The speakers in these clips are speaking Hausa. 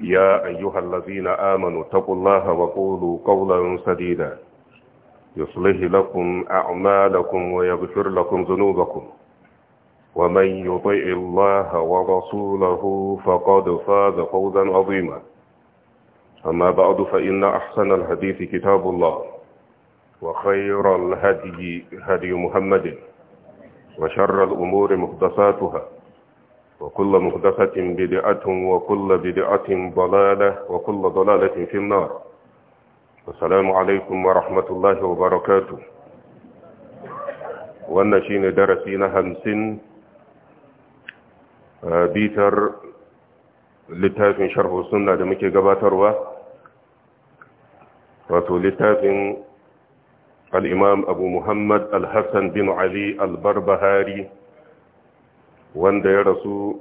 يا أيها الذين آمنوا اتقوا الله وقولوا قولا سديدا يصلح لكم أعمالكم ويغفر لكم ذنوبكم ومن يطع الله ورسوله فقد فاز فوزا عظيما أما بعد فإن أحسن الحديث كتاب الله وخير الهدي هدي محمد وشر الأمور محدثاتها وكل مقدسة بدعة وكل بدعة ضلالة وكل ضلالة في النار السلام عليكم ورحمة الله وبركاته wannan shi ne darasi na hamsin bitar littafin sharhu sunna da muke gabatarwa wato littafin Al-Imam abu muhammad al-hassan bin ali al-barbahari wanda ya rasu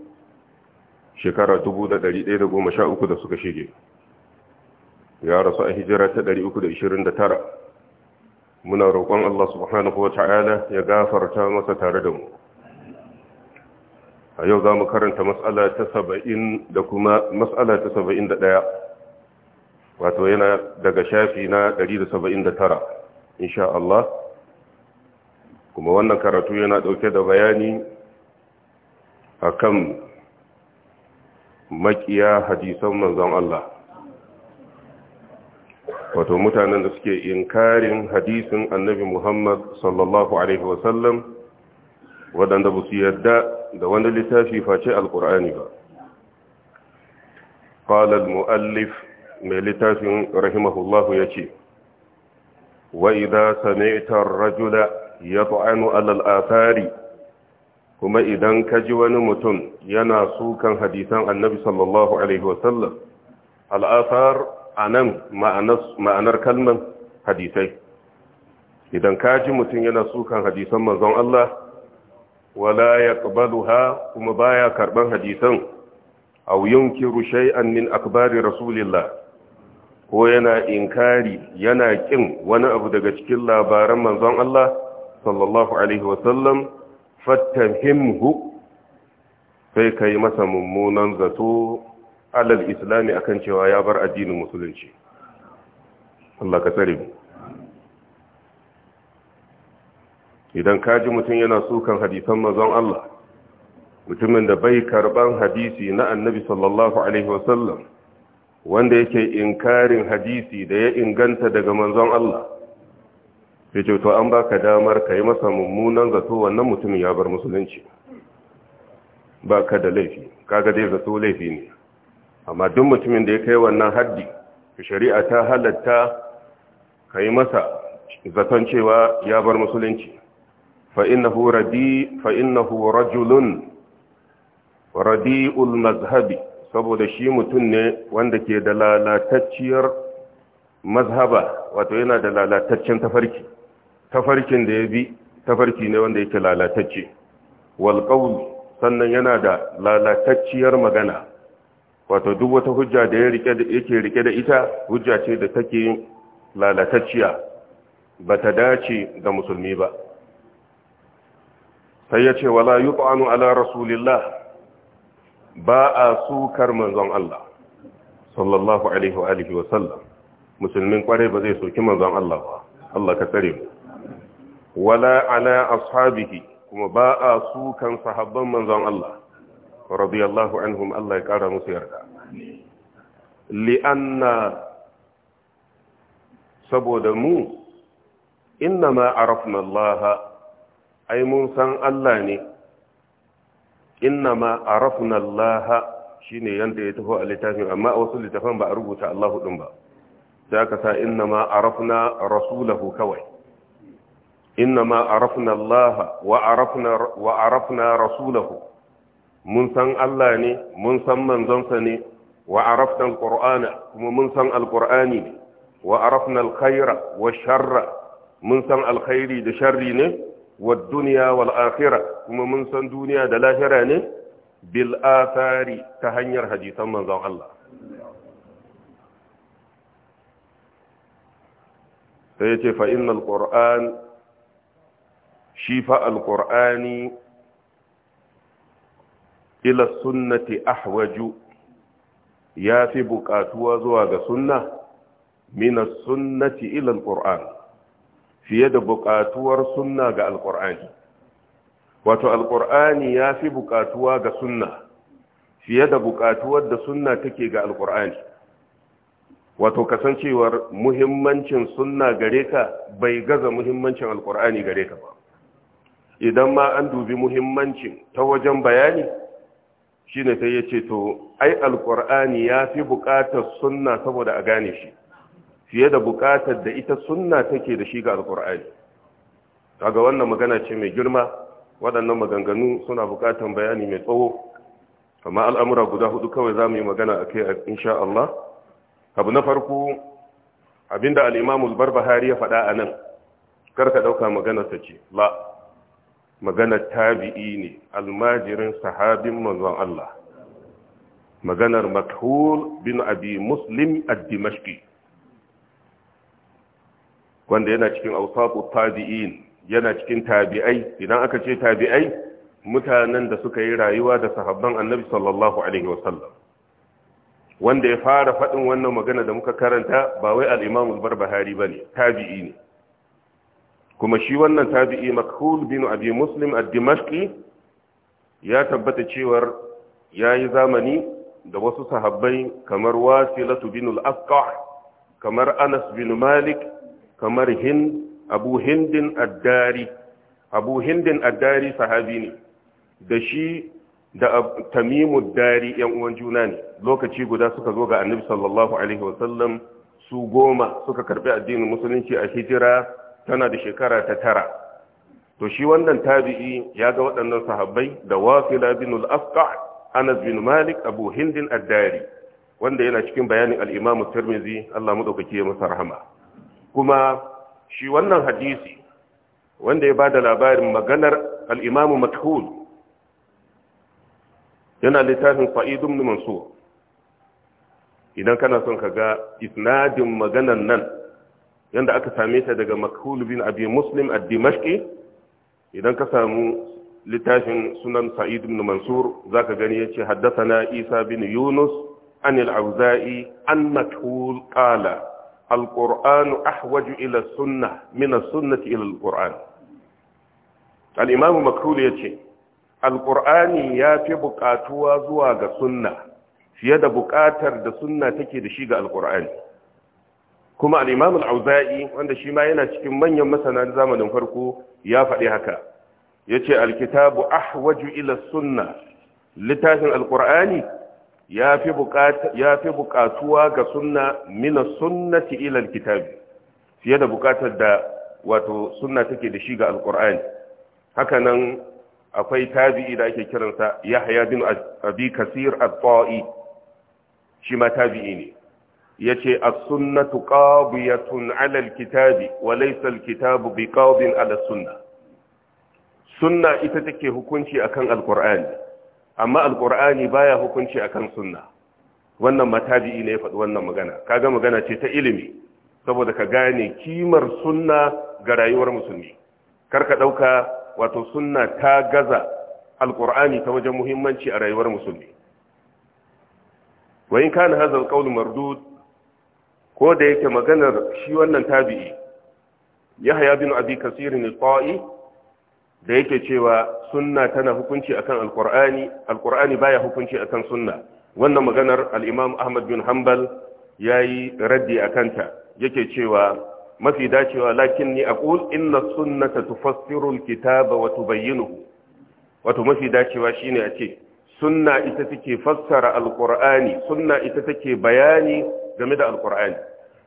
shekara 1113 da suka shige ya rasu a hijira ta 329 muna roƙon Allah subhanahu wa ta'ala ya gafarta masa tare da mu a yau za mu karanta matsala ta saba'in da kuma matsala ta saba'in da ɗaya wato yana daga shafi na 179 da saba'in da tara insha Allah kuma wannan karatu yana ɗauke da bayani A kan makiya hadisan manzon Allah wato mutanen da suke inkarin hadisin annabi Muhammad sallallahu alaihi wasallam waɗanda ba su yarda da wani littafi face alkur'ani ba ƙalar mu'allif mai littafin rahimahullahu ya ce wa idan sanaitar rajula ya ta'anu alal asari kuma idan ka ji wani mutum yana sukan hadisan annabi sallallahu alaihi wasallam al'asar a nan ma'anar kalman hadisai idan ka ji mutum yana sukan hadisan manzon Allah wala ya ƙabaluha kuma baya karɓar hadisan au yunkiru shay'an min akbari rasulillah ko yana inkari yana ƙin wani abu daga cikin labaran manzon Allah sallallahu alaihi wasallam fattahimhu sai ka yi masa mummunan zato alal islami akan cewa ya bar addinin musulunci Allah ka tsare mu idan ka ji mutum yana sukan hadisan mazan Allah mutumin da bai karban hadisi na annabi sallallahu alaihi wasallam wanda yake inkarin hadisi da ya inganta daga manzon Allah ya ce to an baka damar ka yi masa mummunan zato wannan mutumin ya bar musulunci ba ka da laifi kaga dai zato laifi ne amma duk mutumin da ya kai wannan haddi shari'a ta halatta ka yi masa zaton cewa ya bar musulunci innahu radi fa'innahu rajulun radi'ul mazhabi saboda shi mutum ne wanda ke da lalatacciyar mazhaba wato yana da lalataccen tafarki tafarkin da ya bi tafarki ne wanda yake lalatacce wal sannan yana da lalatacciyar magana wato duk wata hujja da yake rike da ita hujja ce da take lalatacciya ba ta dace ga musulmi ba sai ya ce wala yi ala rasulillah ba a sukar manzon Allah sallallahu alaihi wa alihi wa sallam musulmin kware ba zai soki manzon Allah ba Allah ka tsare mu wala ala ashabihi kuma ba a sukan sahabban manzon Allah radiyallahu anhum Allah ya kara musu yarda li'anna saboda mu inna arafna Allah ai mun san Allah ne inna arafna Allah shine yanda ya tafi a littafin amma a wasu littafan ba a rubuta Allah din ba da aka sa inna arafna rasulahu kawai inna ma Allah wa arafna wa arafna rasulahu mun san Allah ne mun san manzonsa ne wa arafna alqur'ana kuma mun san alqur'ani ne wa arafna alkhaira wa sharra mun san alkhairi da sharri ne wa dunya wal akhirah kuma mun san duniya da lahira ne bil athari ta hanyar hadisan manzon Allah sai ya ce fa'innal shi fa alƙur'ani ila sunnati ahwaju ya fi buƙatuwa zuwa ga sunna min sunnati ila alƙur'an fiye da buƙatuwar sunna ga alƙur'ani wato alƙur'ani ya fi buƙatuwa ga sunna fiye da buƙatuwar da sunna take ga alƙur'ani wato kasancewar muhimmancin sunna gare ka bai gaza muhimmancin alƙur'ani gare ka ba idan ma an dubi muhimmancin ta wajen bayani shine sai ya ce to ai alkur'ani ya fi bukatar sunna saboda a gane shi fiye da bukatar da ita sunna take da shi ga alkur'ani kaga wannan magana ce mai girma waɗannan maganganu suna bukatar bayani mai tsawo amma al'amura guda hudu kawai za mu yi magana a kai insha Allah abu na farko abinda al'imamul barbahari ya faɗa anan. nan karka ɗauka maganarsa ce la maganar tabi'i ne almajirin sahabin manzon Allah maganar makhul bin abi muslim ad-dimashqi wanda yana cikin awsafu tabi'in yana cikin tabi'ai idan aka ce tabi'ai mutanen da suka yi rayuwa da sahabban annabi sallallahu alaihi wasallam wanda ya fara faɗin wannan magana da muka karanta ba wai al-imam al-barbahari bane tabi'i ne kuma shi wannan tabi'i makhul bin abi muslim ad-dimashqi ya tabbata cewar yayi zamani da wasu sahabbai kamar wasilatu bin al-asqa kamar anas bin malik kamar hind abu hindin ad-dari abu hindin ad-dari sahabi ne da shi da tamimu dari yan uwan juna ne lokaci guda suka zo ga annabi sallallahu alaihi wasallam su goma suka karbi addinin musulunci a hijira tana da shekara ta tara to shi wannan tabi'i ya ga waɗannan sahabbai da wasila bin al-asqa anas bin malik abu hindin ad-dari wanda yana cikin bayanin al-imam tirmidhi Allah madaukake masa rahama kuma shi wannan hadisi wanda ya bada labarin maganar al-imam yana littafin sa'id ibn mansur idan kana son ka ga isnadin maganar nan yanda aka same ta daga makhul bin abi muslim dimashqi idan ka samu littafin sunan sa'id ibn mansur zaka gani yace na isa bin yunus an al-auza'i an makhul qala al-qur'anu ahwaju ila sunnati ila al-qur'an al-imam makhul yace al ya fi buƙatuwa zuwa ga sunna fiye da buƙatar da sunna take da shi ga al kuma al-imam auzai wanda shi ma yana cikin manyan masana zamanin farko ya faɗi haka yace al-kitabu ahwaju sunna littafin Alkur'ani, ya yafi buƙatuwa ga sunna mina sunnati ila kitabi, fiye da buƙatar da wato sunna take da shi ga Alkur'ani, hakanan akwai tabi'i da ake kiransa yahya bin abi kasir at-ta'i shi ma tabi'i ne Ya ce a sunnatu qadiyatun 'ala al-kitabi wa laysa kitabu bi 'ala alasunna. sunna ita take hukunci akan Alƙur'ani, amma Alƙur'ani baya hukunci akan sunna wannan matabi'i ne ya faɗi wannan magana kaga magana ce ta ilimi saboda ka gane kimar sunna ga rayuwar musulmi karka ɗauka wato sunna ta gaza Alƙur'ani ta wajen muhimmanci a rayuwar musulmi wa in kana hadha qawl mardud ko da yake maganar shi wannan tabi'i yahya bin abi kasir al-qa'i da yake cewa sunna tana hukunci akan al alqur'ani baya hukunci akan sunna wannan maganar al-imam ahmad bin hanbal yayi raddi akan ta yake cewa mafi dacewa lakinni aqul inna sunnata tufassiru al-kitaba wa tubayyinuhu wato mafi dacewa shine a ce sunna ita take fassara alqur'ani sunna ita take bayani game da alkur'ani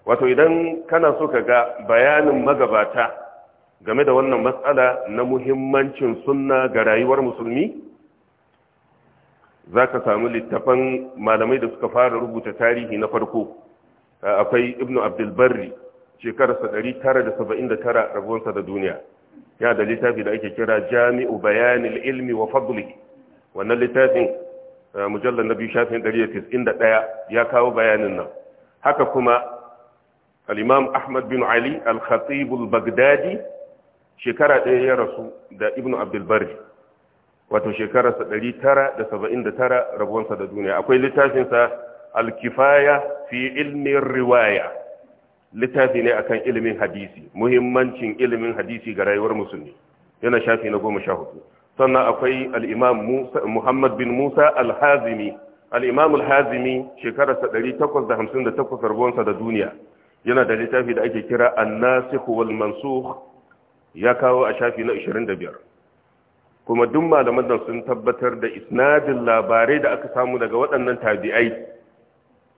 wato idan kana so ka ga bayanin magabata game da wannan matsala na muhimmancin sunna ga rayuwar musulmi za ka samu littafan malamai da suka fara rubuta tarihi na farko akwai ibnu abdulbarri shekararsa 979 rabuwarsa da duniya ya da littafi da ake kira jami'u bayanil ilmi wa fadli wannan littafin eh, mujallar na biyu shafin 191 ya kawo bayanin nan haka kuma al-imam ahmad bin ali al-khatib al-baghdadi shekara ɗaya ya rasu da ibnu abdul wato shekararsa 979 rabuwansa da duniya akwai littafinsa al-kifaya fi ilmin riwaya littafi ne akan ilimin hadisi muhimmancin ilimin hadisi ga rayuwar musulmi yana shafi na goma sha hudu sannan akwai al-imam muhammad bin musa al-hazimi al-imam al-hazimi shekararsa 858 rabonsa da duniya yana da littafi da ake kira an-nasikh wal mansukh ya kawo a shafi na 25 kuma duk malaman nan sun tabbatar da isnadin labarai da aka samu daga waɗannan tabi'ai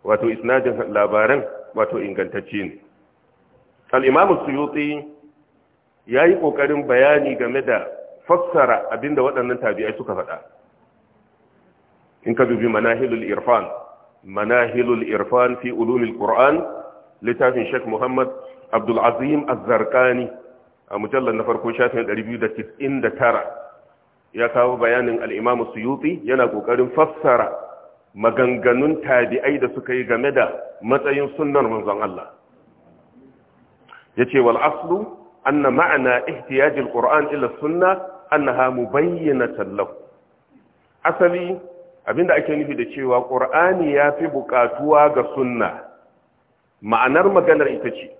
wato isnadin labaran wato ingantacce ne al-imam ya yi ƙoƙarin bayani game da fassara abinda waɗannan tabi'ai suka faɗa in ka dubi manahilul irfan manahilul irfan fi ulumil qur'an littafin sheikh muhammad abdul azim az-zarqani a mujallar na farko shafin 299 ya kawo bayanin al-imam suyuti yana kokarin fassara maganganun tabi'ai da suka yi game da matsayin sunnar manzon Allah yace wal aslu anna ma'ana ihtiyaj al-qur'an ila sunna annaha mubayyinatan lahu asali abinda ake nufi da cewa ƙur'ani ya fi buƙatuwa ga sunna ma'anar maganar ita ce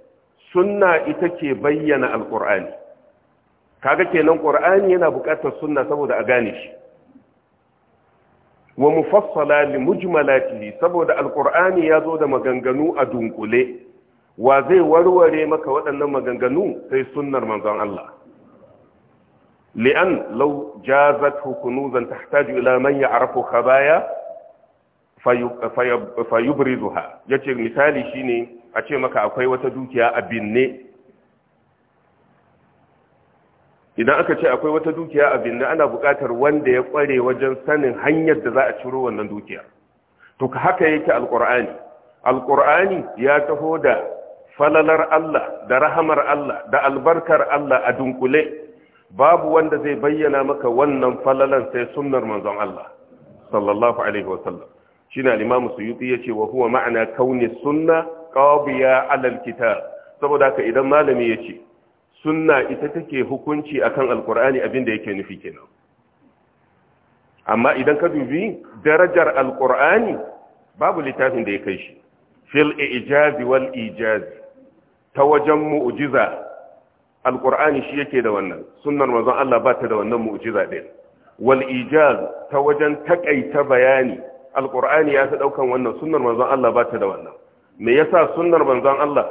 sunna ita ke bayyana alƙur'ani kaga kenan ƙur'ani yana buƙatar sunna saboda a gane shi wa mufassala li mujmalatihi saboda alƙur'ani ya zo da maganganu a dunkule wa zai warware maka waɗannan maganganu sai sunnar manzon Allah li'an لو جازته كنوزا تحتاج ila من يعرف خبايا fayubrizuha yace misali shine a ce maka akwai wata dukiya idan aka ce akwai wata dukiya a binne ana buƙatar wanda ya kware wajen sanin hanyar da za a ciro wannan dukiyar to haka yake alqur'ani alqur'ani ya taho da falalar Allah da rahamar Allah da albarkar Allah a dunkule babu wanda zai bayyana maka wannan falalan sai sunnar manzon Allah sallallahu alaihi wa sallam, shine al-Imam Suyuti yace wa huwa ma'ana kauni sunna qabiya ala al-kitab saboda haka idan malami yace sunna ita take hukunci akan al abin abinda yake nufi kenan amma idan ka dubi darajar al al-qur'ani babu littafin da ya kai shi fil ijazi wal ijazi ta wajen mu'jiza alkur'ani shi yake da wannan sunnar manzon Allah ba ta da wannan mu'jiza din wal ijaz ta wajen takaita bayani alqur'ani ya ta daukan wannan sunnar manzon Allah ba ta da wannan me yasa sunnar manzon Allah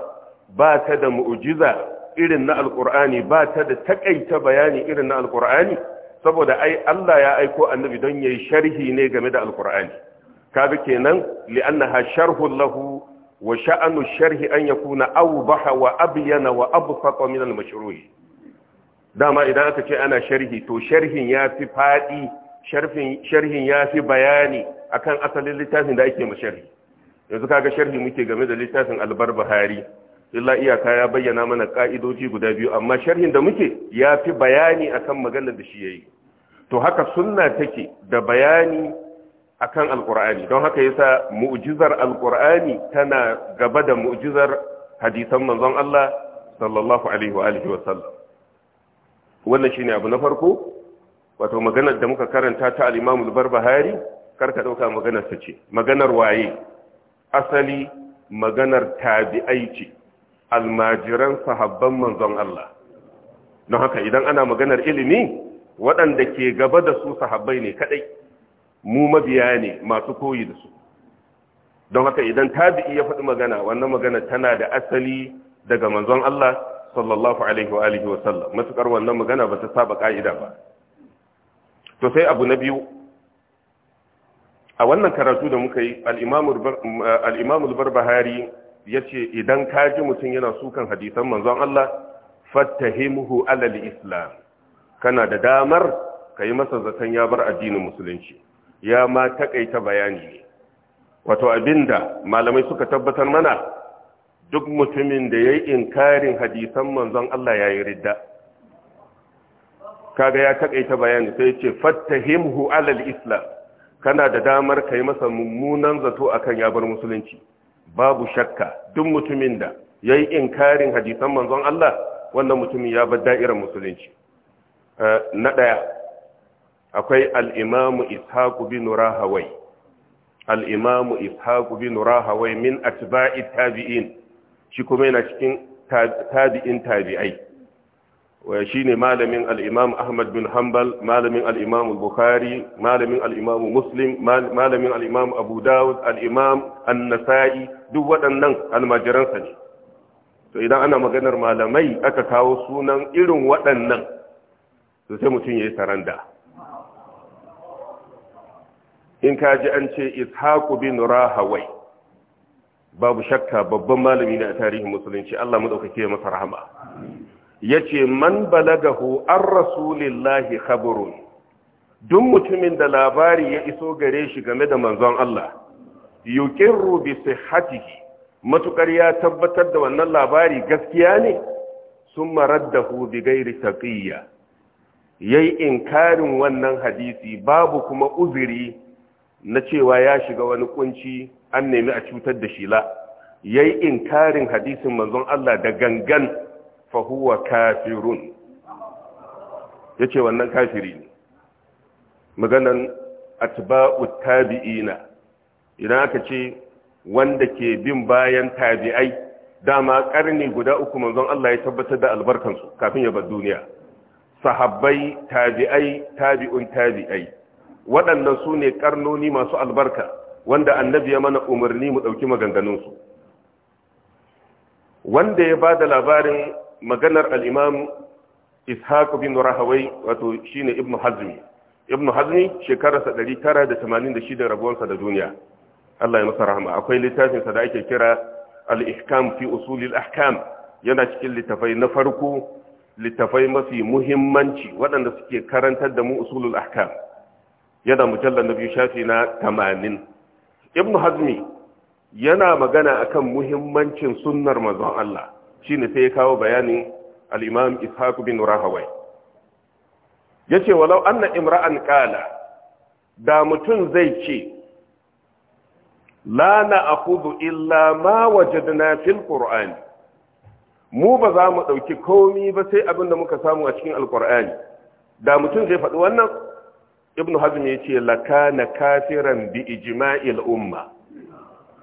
ba ta da mu'jiza irin na alkur'ani ba ta da takaita bayani irin na alkur'ani saboda ai Allah ya aiko annabi don yayi sharhi ne game da alkur'ani kaga kenan ha sharhu lahu wa sha'anu sharhi an yakuna awdaha wa abyana wa absata min al-mashruh dama idan aka ce ana sharhi to sharhin fi fadi sharhin yafi bayani akan asalin littafin da ake masharhi yanzu kaga sharhi muke game da littafin al-barbahari illa iyaka ya bayyana mana ka'idoji guda biyu amma sharhin da muke yafi bayani akan maganar da shi yayi to haka sunna take da bayani akan alkur'ani don haka yasa mu'jizar alkur'ani tana gaba da mu'jizar hadisan manzon Allah sallallahu alaihi wa alihi wa sallam wannan shine abu na farko wato maganar da muka karanta ta al-Imam al-Barbahari karka dauka maganar ce maganar waye asali maganar tabi'ai ce almajiran sahabban manzon Allah don haka idan ana maganar ilimi waɗanda ke gaba da su sahabbai ne kadai mu mabiya ne masu koyi da su don haka idan tabi'i ya faɗi magana wannan magana tana da asali daga manzon Allah sallallahu alaihi wa alihi wa sallam matukar wannan magana ba ta saba ka'ida ba to sai abu na biyu a wannan karatu da muka yi al-Imam al-Barbahari yace idan ka ji mutum yana sukan hadisan manzon Allah fattahimuhu alal islam kana da damar ka yi masa zaton ya bar addinin musulunci ya ma takaita bayani wato abinda malamai suka tabbatar mana duk mutumin da ya yi inkarin hadisan manzon Allah ya yi ridda kaga ya takaita bayani sai ce fattahimhu alal islam kana da damar kai masa mummunan zato akan ya bar musulunci babu shakka duk mutumin da ya yi inkarin hadisan manzon Allah wannan mutumin ya bar da'irar musulunci eh, na ɗaya akwai al'imamu ishaku bin rahawai al'imamu ishaku bin rahawai min atba'i tabi'in shi kuma yana cikin tabi'in tabi'ai shi ne malamin al'imamu ahmad bin hanbal malamin al'imamu bukhari malamin al'imamu muslim malamin al'imamu abu dawud al'imam annasa'i duk waɗannan almajiransa ne to idan ana maganar malamai aka kawo sunan irin waɗannan to sai mutum ya yi saranda in ka ji an ce ishaqu bin rahawai babu shakka babban malami ne a tarihin musulunci Allah madaukake masa rahama yace man balagahu ar rasulillahi khabrun duk mutumin da labari ya iso gare shi game da manzon Allah yuqirru bi sihhatihi matukar ya tabbatar da wannan labari gaskiya ne sun raddahu bi gairi taqiyya yayi inkarin wannan hadisi babu kuma uzuri na cewa ya shiga wani kunci an nemi a cutar da shi la yayi inkarin hadisin manzon Allah da gangan fahuwa kafirun. Ya ce wannan kafiri ne maganan atba'u tabi'ina idan aka ce wanda ke bin bayan tabi'ai dama karni guda uku manzon Allah ya tabbatar da albarkansu kafin ya bar duniya sahabbai tabi'ai tabi'un tabi'ai waɗannan su ne karnoni masu albarka wanda annabi ya mana umarni mu ɗauki maganganunsu wanda ya ba da labarin maganar al'imam ishaq bin rahawai wato ne ibn hazmi ibn hazmi shekararsa 986 rabuwarsa da duniya Allah ya masa rahama akwai littafinsa da ake kira al fi usulil ahkam yana cikin littafai na farko littafai mafi muhimmanci waɗanda suke karantar da mu usulul ahkam yana mujallar na biyu shafi na tamanin ibn hazmi yana magana akan muhimmancin sunnar manzon Allah ne sai ya kawo bayanin al-imam bin rahawai yace walau anna imra'an qala da mutum zai ce la na'khudhu illa ma wajadna fil qur'ani mu ba za mu ɗauki komi ba sai abin da muka samu a cikin alqur'ani da mutum zai faɗi wannan ibnu hazm ya ce lakana kafiran bi ijma'il umma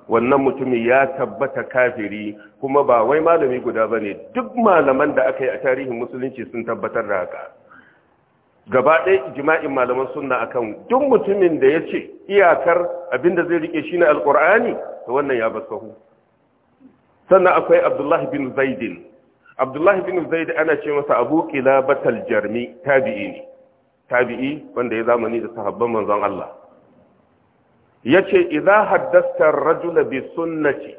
wannan mutumin ya tabbata kafiri kuma ba wai malami guda ba ne duk malaman da aka yi a tarihin musulunci sun tabbatar da haka gaba ɗaya jima'in malaman sunna akan duk mutumin da ya ce iyakar abinda zai rike shi ne alƙur'ani da wannan ya basahu sannan akwai abdullahi bin zaidin abdullahi bin zaid ana ce masa abu kilabatal jarmi tabi'i ne tabi'i wanda ya zamani da sahabban manzon Allah yace idza haddasta ar-rajula bi sunnati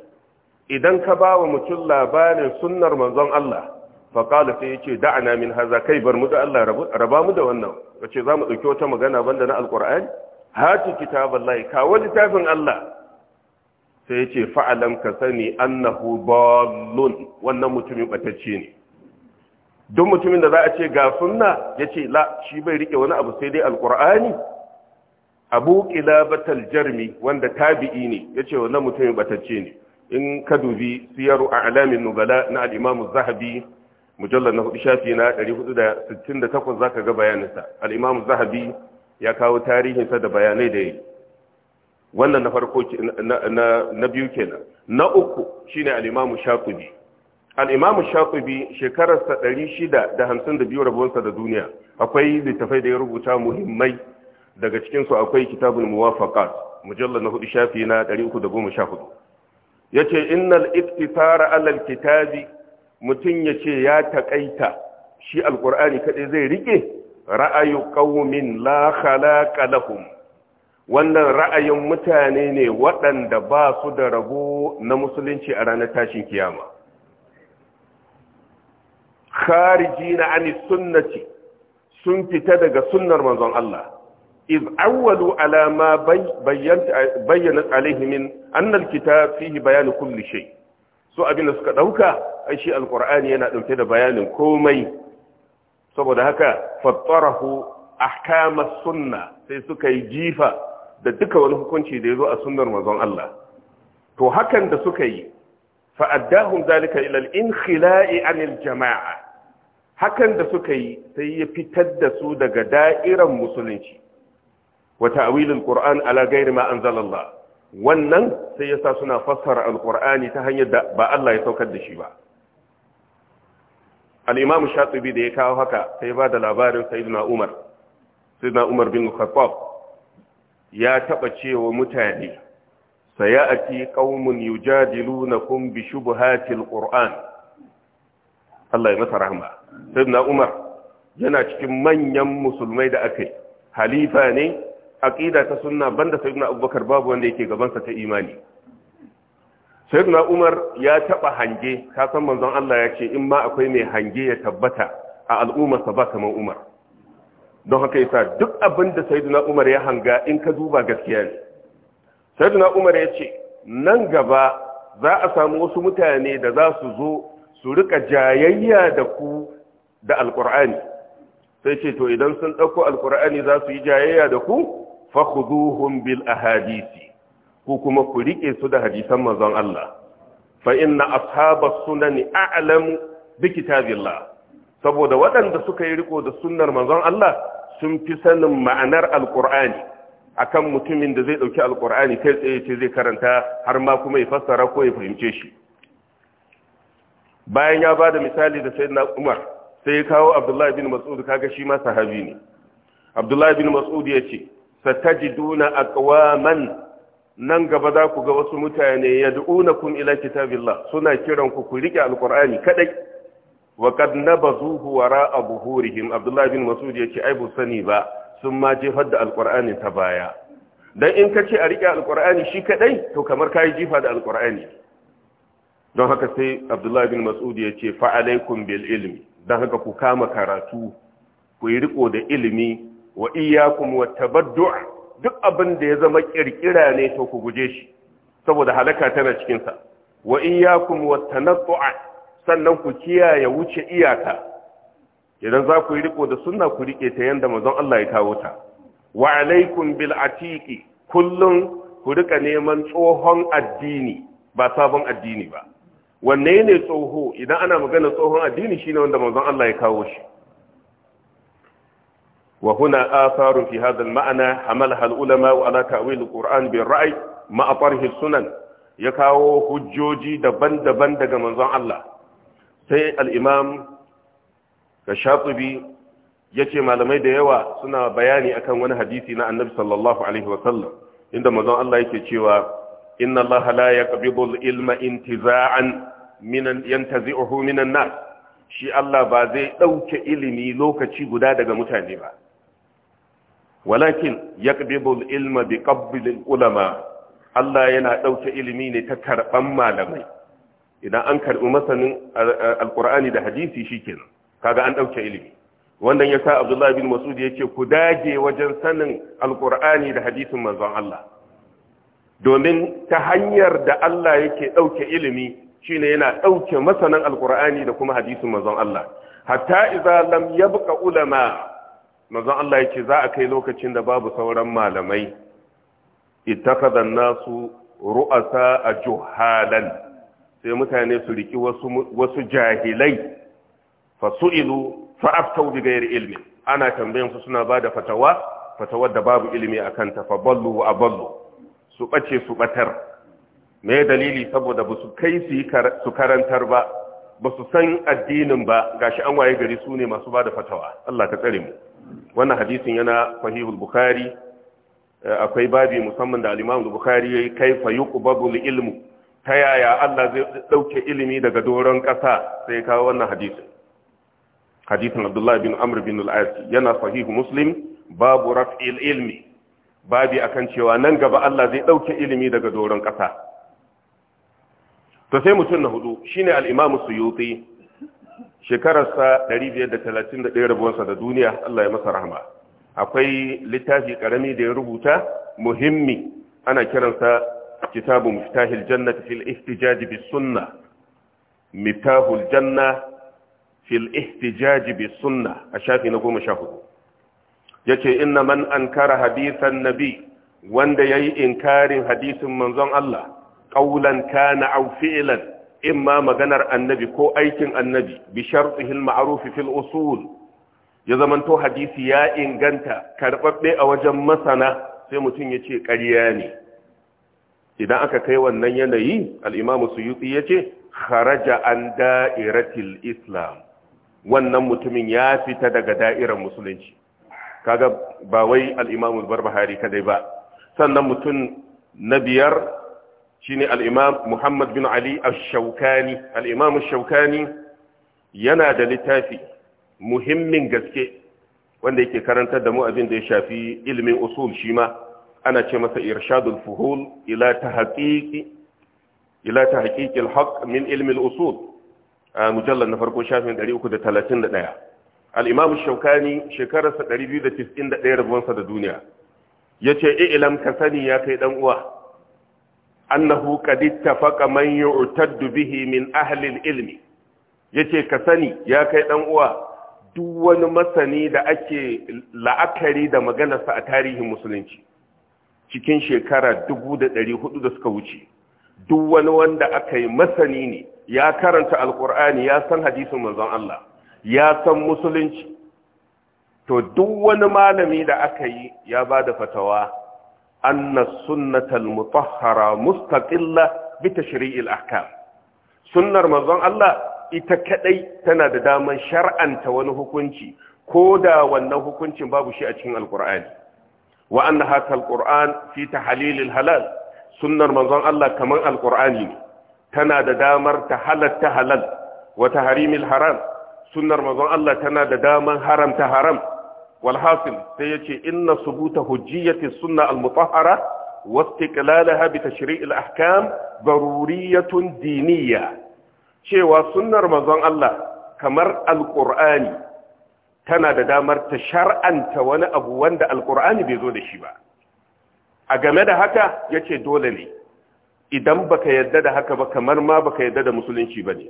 idan ka bawa mutum labarin sunnar manzon Allah fa qala sai yace da'ana min haza kai bar mu da Allah raba mu da wannan yace zamu dauki wata magana banda na alqur'ani hati kitaballahi ka wani tafin Allah sai yace fa'alam ka sani annahu dallun wannan mutumin batacce ne duk mutumin da za a ce ga sunna ya ce la shi bai rike wani abu sai dai alkur'ani abu batal jarmi wanda tabi'i ne ya ce wannan mutumin batacce ne in ka dubi siyaru a alamin nubala na al'imamu zahabi mujallar na hudu shafi na 468 za ka ga bayaninsa al'imamu zahabi ya kawo tarihinsa da bayanai da yai. wannan na farko na biyu kenan na uku shine al'imamu shakubi al'imamu shafi shekararsa 652 rabuwarsa da duniya akwai littafai da ya rubuta muhimmai daga cikinsu akwai kitabun muwafaqat mujallar na hudu shafi na 314 ya ce innal iftitara alal kitabi mutum ya ce ya taƙaita shi alkur'ani kaɗai zai rike ra'ayu ƙaumin la khalaqa lahum wannan ra'ayin mutane ne waɗanda ba su da rabo na musulunci a ranar tashin kiyama kharijina an sunnati sun fita daga sunnar manzon Allah iz awwalu ala ma bayyana alaihi min anna alkitab fihi bayan kulli shay so abin da suka dauka ai shi alqur'ani yana dauke da bayanin komai saboda haka fattarahu ahkama sunna sai suka yi jifa da duka wani hukunci da yazo a sunnar manzon Allah to hakan da suka yi addahum zalika ila al-inkhila' anil jama'a hakan da suka yi sai ya fitar da su daga da'iran musulunci wa ta'wilul qur'an ala ghairi ma anzalallah wannan sai ya sa suna fassara alqur'ani ta hanyar da ba Allah ya saukar da shi ba al-imam shatibi da ya kawo haka sai ba da labarin sayyidina umar sayyidina umar bin khattab ya taba cewa mutane sayati qaumun yujadilunakum bi shubuhatil qur'an Allah ya masa rahma sayyidina umar yana cikin manyan musulmai da aka yi halifa ne aqida ta sunna banda sayyidina abubakar babu wanda yake gabansa ta imani sayyidina umar ya taba hange kasan san manzon Allah ya ce in ma akwai mai hange ya tabbata a al'ummarsa ba kamar umar don haka yasa duk abin da sayyidina umar ya hanga in ka duba gaskiya ne sayyidina umar ya ce nan gaba za a samu wasu mutane da za su zo su rika jayayya da ku da alkur'ani sai ce to idan sun ɗauko alkur'ani za su yi jayayya da ku fakhuduhum bil ahadisi ku kuma ku rike su da hadisan manzon Allah fa inna ashabas sunani a'lamu bi kitabillah saboda waɗanda suka yi riko da sunnar manzon Allah sun fi sanin ma'anar alkur'ani akan mutumin da zai ɗauki alkur'ani kai tsaye ce zai karanta har ma kuma ya fassara ko ya fahimce shi bayan ya ba da misali da sayyidina Umar sai ya kawo abdullahi bin mas'ud kaga shi ma sahabi ne abdullahi bin mas'ud ya ce satajiduna aqwaman nan gaba za ku ga wasu mutane yad'unakum ila kitabillah suna kiran ku ku rike alqur'ani kadai wa qad nabazuhu wara'a buhurihim abdullahi bin mas'ud ya ce ai bu sani ba sun ma jefar da alqur'ani ta baya dan in kace a rike alqur'ani shi kadai to kamar kai jifa da alqur'ani don haka sai abdullahi bin mas'ud ya ce fa alaikum bil ilmi don haka ku kama karatu ku yi riko da ilimi wa iyyakum wa tabaddu'a duk abin da ya zama kirkira ne to ku guje shi saboda halaka tana cikin sa wa iyyakum wa tanattu'a sannan ku kiyaye wuce iyaka idan za ku yi riko da sunna ku rike ta yanda manzon Allah ya kawo ta wa alaikum bil atiqi kullun ku rika neman tsohon addini ba sabon addini ba wanne ne tsoho idan ana magana tsohon addini shine wanda manzon Allah ya kawo shi wa huna atharun fi hadha al-ma'na hamalaha al-ulama ala ta'wil al-Qur'an bil ra'i ma atarhi sunan ya kawo hujjoji daban-daban daga manzon Allah sai al-imam kashatibi yace malamai da yawa suna bayani akan wani hadisi na annabi sallallahu alaihi wa sallam inda manzon Allah yake cewa inna Allah la yaqbidu al-ilma intiza'an minan yantazi'uhu minan nas shi Allah ba zai dauke ilimi lokaci guda daga mutane ba walakin yaqbidu al-ilma bi qabdil ulama Allah yana ɗauke ilimi ne ta karban malamai idan an karbi masanin alqur'ani da hadisi shikenan kaga an dauke ilimi wannan yasa Abdullah bin Mas'ud ya ce ku dage wajen sanin Alƙur'ani da hadisin manzon Allah domin ta hanyar da Allah yake ɗauke ilimi shi ne yana ɗauke masanan alkur'ani da kuma hadisin mazan Allah hatta iza lam yabqa ulama mazan Allah yake za a kai lokacin da babu sauran malamai ittakhadha nasu ru'asa juhalan sai mutane su riki wasu su jahilai fasu'ilu fa'aftau bi ghairi ilmi ana tambayin su suna ba da fatawa fatawar da babu ilimi akan kanta fa ballu wa aballu su ɓace su ɓatar me dalili saboda ba su kai su karantar ba ba su san addinin ba gashi an waye gari su ne masu ba da fatawa Allah ka tsare mu wannan hadisin yana sahihul bukhari eh, akwai babi musamman da al-imam bukhari yayi kaifa yuqbadul ilmu ta yaya Allah zai dauke ilimi daga doron ƙasa sai kawo wannan hadisin hadisin Abdullah bin Amr bin al-As yana sahihu Muslim babu raf'il ilmi babi akan cewa nan gaba Allah zai ɗauke ilimi daga doron ƙasa to sai mutum na hudu shine al-imamu suyuti shekararsa 531 rabuwarsa da duniya Allah ya masa rahama akwai littafi karami da ya rubuta muhimmi ana kiransa kitabu miftahil jannati fil ihtijaj bis sunnah miftahul janna fil ihtijaj bis sunnah a shafi na 14 yace inna man ankara hadisan nabi wanda ya yi inkarin hadisin manzon Allah ƙaulan kana aufi'ilan, fi'lan imma maganar annabi ko aikin annabi bi shartihi al fil usul ya zamanto hadisi ya inganta karɓaɓɓe a wajen masana sai mutum ya ce ƙarya ne idan aka kai wannan yanayi al'imamu suyuti ya ce kharaja an da'iratil islam wannan mutumin ya fita daga da'irar musulunci kaga ba wai al bar al-barbahari kadai ba sannan mutum na biyar shine ne imam Muhammad bin Ali ash-Shawkani al Shaukani yana da littafi muhimmin gaske wanda yake karantar da mu abin da ya shafi ilmin usul shi ma ana ce masa irshadul fuhul ila tahqiqi ila tahqiqil haqq min ilmi al-usul mujallal na farko shafin 331 al shaukani shekararsa 291 rabuwansa da duniya yace ilam ka sani ya kai dan uwa annahu qad ittafaqa man yu'taddu bihi min ahli al-ilmi yace ka sani ya kai dan uwa duk wani masani da ake la'akari da maganarsa a tarihin musulunci cikin shekara 1400 da suka wuce duk wani wanda aka yi masani ne ya karanta alkur'ani ya san hadisin manzon Allah ya san musulunci to duk wani malami da aka yi ya ba da fatawa anna sunnatal mutahhara mustaqilla bi tashri'il ahkam sunnar manzon Allah ita kadai tana da daman shar'anta wani hukunci ko da wannan hukuncin babu shi a cikin alqur'ani wa anna hakal qur'an fi tahlilil halal sunnar manzon Allah kaman alqur'ani tana da damar ta halatta halal wa tahrimil haram sunnar manzon Allah tana da daman haramta haram walhasil sai yace inna subuta hujjiyati sunna al-mutahhara wa istiqlalaha bi tashri' al-ahkam daruriyatun diniya. cewa sunnar manzon Allah kamar al-Qur'ani tana da damar ta shar'anta wani abu wanda al-Qur'ani bai zo da shi ba a game da haka yace dole ne idan baka yadda da haka ba kamar ma baka yadda da musulunci ba ne.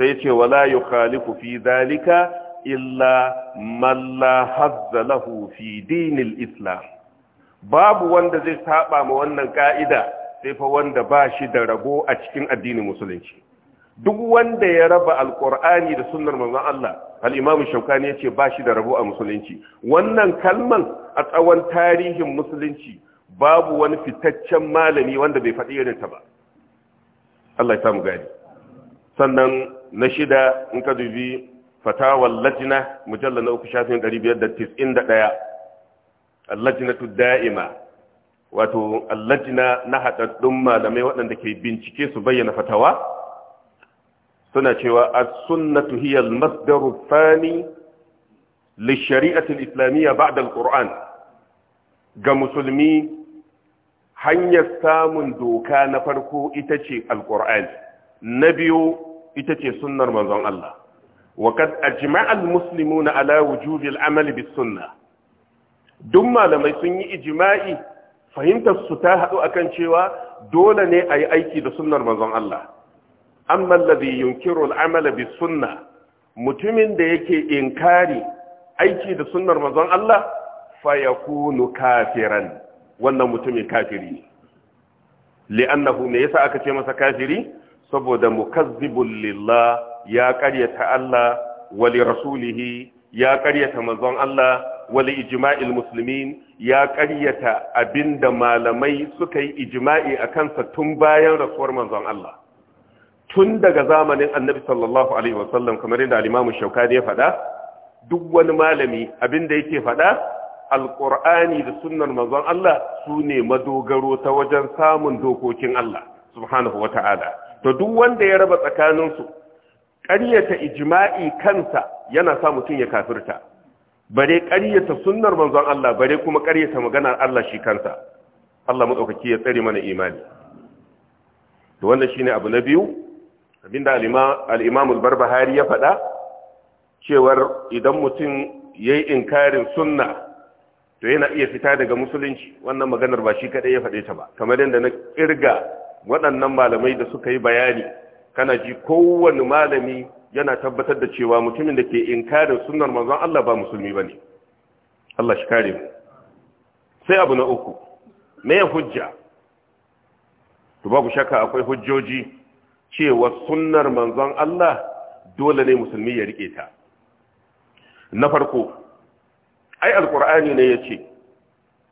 sai ce wala khaliku fi zalika illa man lahu fi dinil islam babu wanda zai saba ma wannan ka'ida sai fa wanda ba shi da rabo a cikin addinin musulunci duk wanda ya raba alkur'ani da sunnar manzon Allah al-imamu shaukani yace ba shi da rabo a musulunci wannan kalman a tsawon tarihin musulunci babu wani fitaccen malami wanda bai faɗi irin ta ba Allah ya samu gani sannan na shida in ka dubi fatawar lajina mujalla na uku shafin Allajina tu da'ima wato allajina na haɗaɗɗun malamai waɗanda ke bincike su bayyana fatawa suna cewa a sunnatu hiyar masdaru fani lishari'atul islamiyya ba'da al ga musulmi hanyar samun doka na farko ita ce al na biyu ita ce sunnar manzon Allah a kad ajma'a na ala wujubi amali bi sunna duk malamai sun yi ijima'i fahimtar su ta hadu akan cewa dole ne a yi aiki da sunnar manzon Allah amma alladhi yunkiru al'amal bis sunna mutumin da yake inkari aiki da sunnar manzon Allah fayakunu kafiran wannan mutumin kafiri ne li'annahu me yasa aka ce masa kafiri saboda mukazzibul lillah ya karyata Allah wali rasulihi ya karyata manzon Allah wali ijma'il muslimin ya karyata abinda malamai suka yi ijma'i a kansa tun bayan rasuwar manzon Allah tun daga zamanin annabi sallallahu alaihi wasallam kamar yadda al-imamu ya faɗa duk wani malami abinda yake faɗa alqur'ani da sunnar manzon Allah su ne madogaro ta wajen samun dokokin Allah subhanahu wata'ala to duk wanda ya raba tsakaninsu ƙaryata ijma'i kansa yana sa mutum ya kafirta bare ƙaryata sunnar manzon Allah bare kuma ƙaryata maganar Allah shi kansa Allah madaukaki ya tsare mana imani to wannan shine abu na biyu abinda al-Imam al-Barbahari ya faɗa cewa idan mutum yayi inkarin sunna to yana iya fita daga musulunci wannan maganar ba shi kadai ya faɗe ta ba kamar yadda na kirga waɗannan malamai da suka yi bayani kana ji kowane malami yana tabbatar da cewa mutumin da ke inkarin sunar manzon Allah ba musulmi bane Allah shi kare mu sai abu na uku me ya hujja to babu shakka akwai hujjoji cewa sunnar manzon Allah dole ne musulmi ya rike ta na farko ai alqur'ani ne yace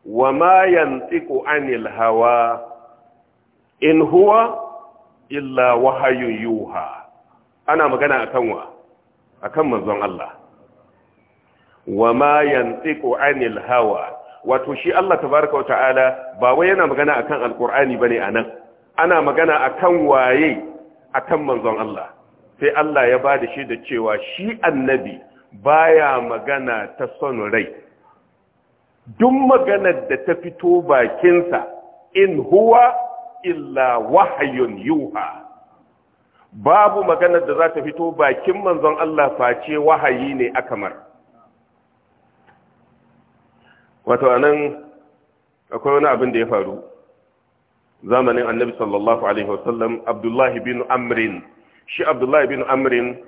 wa ma yantiqu anil hawa in huwa illa wahayun yuha ana magana akan wa akan manzon Allah wa ma yantiqu anil hawa wato shi Allah tabaaraka wa ta'ala ba wai yana magana akan alqur'ani bane anan ana magana akan waye akan manzon Allah sai Allah ya bada shi da cewa shi annabi baya magana ta son rai duk maganar da ta fito bakinsa in huwa illa wahayun yuha babu maganar da za ta fito bakin manzon Allah face wahayi ne kamar. wato anan akwai wani abin da ya faru zamanin annabi sallallahu alaihi wasallam abdullahi bin amrin shi abdullahi bin amrin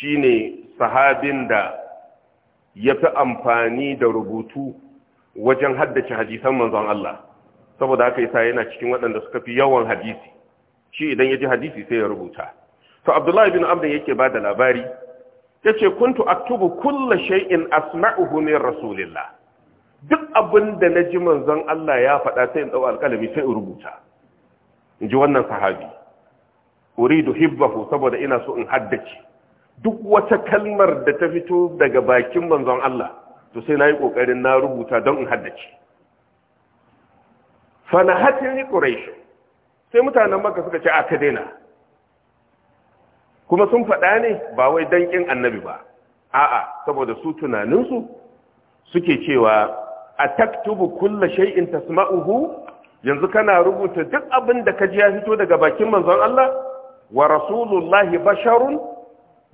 shine sahabin da ya fi amfani da rubutu wajen haddace hadisan manzon Allah saboda haka yasa yana cikin waɗanda suka fi yawan hadisi shi idan ya ji hadisi sai ya rubuta to abdullahi bin abdan yake ba da labari yace kuntu aktubu kulla shay'in asma'uhu min rasulillah duk abin da naji manzon Allah ya faɗa sai in dau alƙalami sai in rubuta in ji wannan sahabi uridu hibbahu saboda ina so in haddace duk wata kalmar da ta fito daga bakin manzon Allah to sai nayi kokarin na rubuta don in haddace fana hatin quraish sai mutanen makka suka ce ka daina kuma sun faɗa ne ba wai danƙin annabi ba a'a saboda su tunaninsu suke cewa a taktubu kulla shay'in tasma'uhu yanzu kana rubuta duk abin da ka ji ya fito daga bakin manzon Allah wa rasulullahi basharun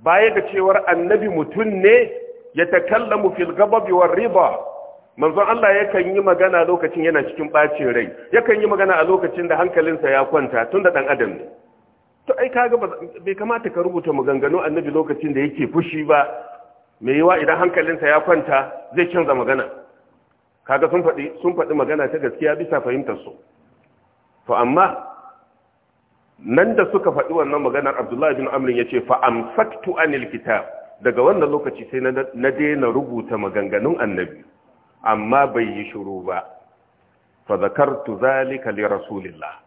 baya ga cewar annabi mutum ne ya takallamu fil ghadabi war riba manzon Allah yakan yi magana lokacin yana cikin bacin rai yakan yi magana a lokacin da hankalinsa ya kwanta tun da ɗan adam ne to ai kaga bai kamata ka rubuta maganganu annabi lokacin da yake fushi ba me yiwa idan hankalinsa ya kwanta zai canza magana kaga sun faɗi sun faɗi magana ta gaskiya bisa fahimtar su to amma nan da suka faɗi wannan maganar Abdullahi bin Amr yace fa amsaktu anil kitab daga wannan lokaci sai na daina rubuta maganganun annabi amma bai yi shiru ba fa zakartu zalika li rasulillah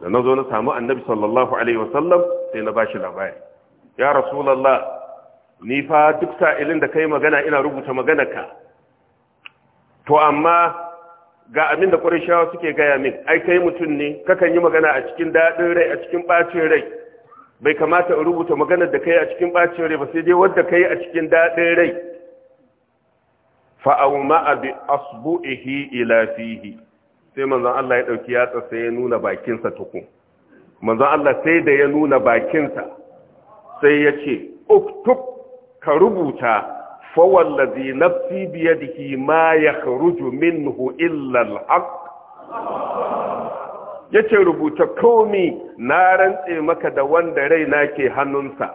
da nazo na samu annabi sallallahu alaihi wasallam sai na bashi labari ya rasulullah ni fa duk sa'ilin da kai magana ina rubuta ka? to amma ga abin da qurayshawa suke gaya min ai kai mutum ne kakan yi magana a cikin daɗin rai a cikin ɓacin rai bai kamata in rubuta maganar da kai a cikin ɓacin rai ba sai dai wadda kai a cikin daɗin rai fa'auma bi asbu'ihi ila fihi sai manzon Allah ya dauki yatsa sai ya nuna bakinsa tukun manzon Allah sai da ya nuna bakinsa sai ya ce uktub ka rubuta fa wallazi nafsi bi yadihi ma yakhruju minhu illa al yace rubuta komi na rantse maka da wanda raina ke hannunsa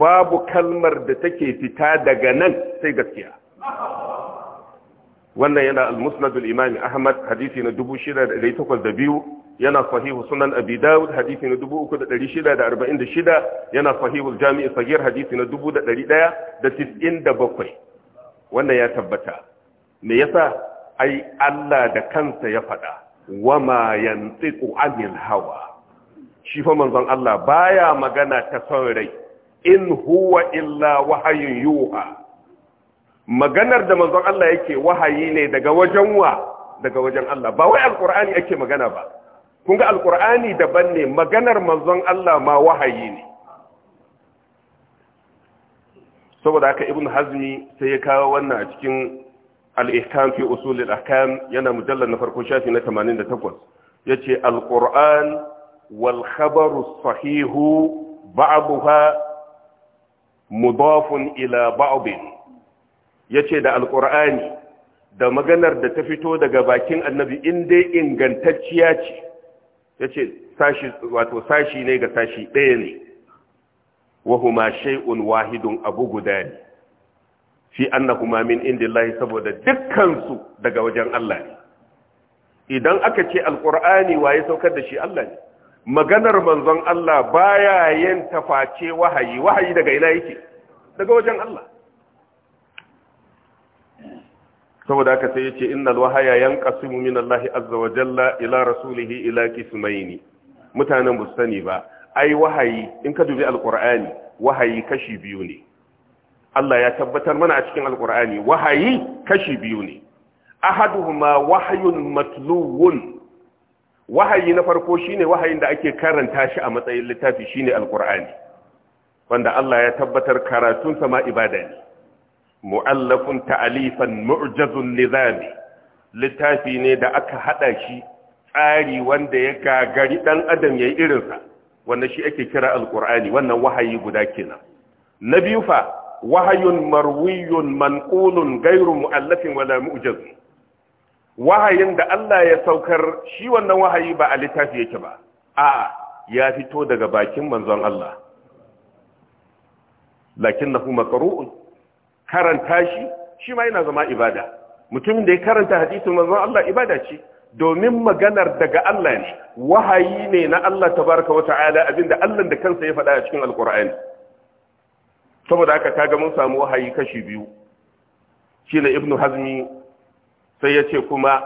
babu kalmar da take fita daga nan sai gaskiya wannan yana al-musnad al-imam ahmad hadisi na 6802 yana sahihu sunan abi daud hadisi na 3646 yana sahihu al-jami' saghir hadisi na 1197 wannan ya tabbata me yasa ai Allah da kansa ya faɗa wama yantiqu anil hawa shi fa manzon Allah baya magana ta son rai in huwa illa wahayun yuha maganar da manzon Allah yake wahayi ne daga wajen wa daga wajen Allah ba wai alqur'ani ake magana ba kun ga alqur'ani daban ne maganar manzon Allah ma wahayi ne saboda haka ibn hazmi sai ya kawo wannan a cikin al-ihkam fi usul al-ahkam yana mujallal na farko shafi na 88 yace al-qur'an wal khabaru sahihu ba'daha mudafun ila ba'din Ya ce da alƙur'ani da maganar da ta fito daga bakin annabi in dai ingantacciya ce yace sashi wato sashi ne ga sashi ɗaya ne wahu ma shai'un wahidun abu guda ne fi kuma min indillahi saboda dukkansu daga wajen Allah ne idan aka ce alƙur'ani waye saukar da shi Allah ne maganar manzon Allah baya yin taface wahayi wahayi daga ina yake daga wajen Allah saboda haka sai yace innal wahaya yanqasimu min Allah azza wa jalla ila rasulih ila kismaini mutanen bu sani ba ai wahayi in ka dubi alqur'ani wahayi kashi biyu ne Allah ya tabbatar mana a cikin alqur'ani wahayi kashi biyu ne ahaduhuma wahyun matluwun wahayi na farko shine wahayin da ake karanta shi a matsayin littafi shine alqur'ani wanda Allah ya tabbatar karatun ma ibada ne Mu'allafin ta'alifan mu'jazun nizami littafi ne da aka haɗa shi tsari wanda ya gagari ɗan adam yayi irinsa wannan shi ake kira alqur'ani wannan wahayi guda kenan na biyu fa wahayun marwiyun manqulun ghairu mu'allafin wala mu'jaz wahayin da Allah ya saukar shi wannan wahayi ba a littafi yake ba a'a ya fito daga bakin manzon Allah lakinnahu maqru'un karanta shi shi ma yana zama ibada mutumin da ya karanta hadisin manzon Allah ibada ce domin maganar daga Allah ne wahayi ne na Allah tabaraka wa ta'ala abinda Allah da kansa ya faɗa a cikin alkur'ani saboda haka kaga mun samu wahayi kashi biyu shi ne ibnu hazmi sai ya ce kuma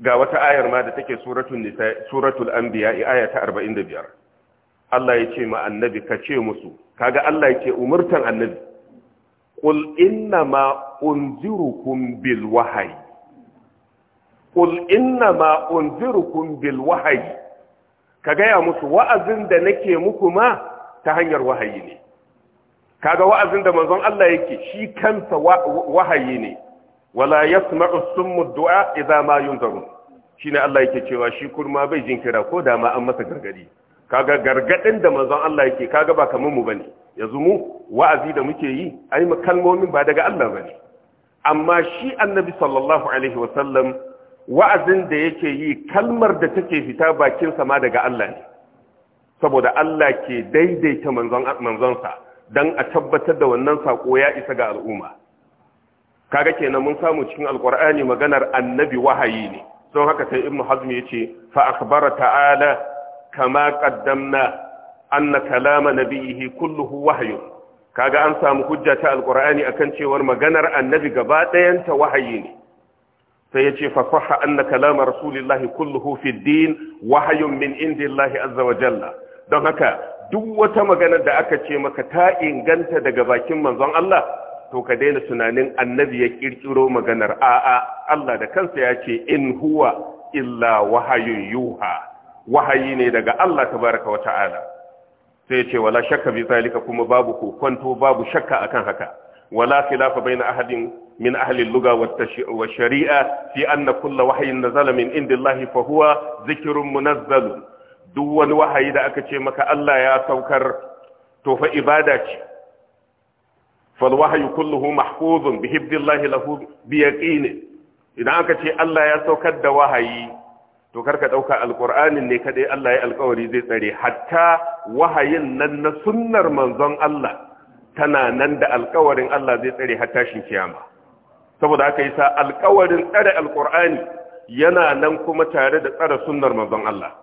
ga wata ayar ma da take suratul nisa suratul anbiya aya ta 45 Allah ya ce ma annabi ka ce musu kaga Allah ya ce umurtan annabi qul innama unzirukum bil wahyi qul innama unzirukum bil wahyi ka gaya musu wa'azin da nake muku ma ta hanyar wahayi ne kaga wa'azin da manzon Allah yake shi kansa wahayi ne wala yasma'u summu du'a idza ma yunzaru shine Allah yake cewa shi kurma bai jin kira ko da ma an masa gargadi kaga gargadin da manzon Allah yake kaga ba kamar mu bane yanzu mu wa'azi da muke yi ai kalmomin ba daga Allah bane amma shi annabi sallallahu alaihi wa sallam wa'azin da yake yi kalmar da take fita bakin sama daga Allah ne saboda Allah ke daidaita manzonsa dan a tabbatar da wannan sako ya isa ga al'umma kaga kenan mun samu cikin alkur'ani maganar annabi wahayi ne don haka sai ibnu hazm yace fa akhbara ta'ala kama qaddamna anna kalama nabiyihi kulluhu wahyu kaga an samu hujja ta alqur'ani akan cewar maganar annabi gaba ɗayan ta wahayi ne sai yace fa sahha anna kalama rasulillahi kulluhu fi din wahyun min indillahi azza wa jalla don haka duk wata magana da aka ce maka ta inganta daga bakin manzon Allah to ka daina tunanin annabi ya kirkiro maganar a'a Allah da kansa ya ce in huwa illa wahayun yuha wahayi ne daga Allah tabaraka wa ta'ala sai ya ce wala shakka bi zalika kuma babu kokonto babu shakka akan haka wala khilafa baina ahadin min ahli al-lugha wa sharia fi anna kullu wahyin nazala min indillahi fa huwa dhikrun munazzal duk wani wahayi da aka ce maka Allah ya saukar to fa ibada ce fal wahyu kulluhu mahfuzun bi hibdillahi lahu bi yaqin idan aka ce Allah ya saukar da wahayi to karka ɗauka alƙur'anin ne kaɗai Allah ya alƙawari zai tsare hatta wahayin nan na sunnar manzon Allah tana nan da alƙawarin Allah zai tsare hatta shi kiyama saboda haka yasa alƙawarin tsare alƙur'ani yana nan kuma tare da tsare sunnar manzon Allah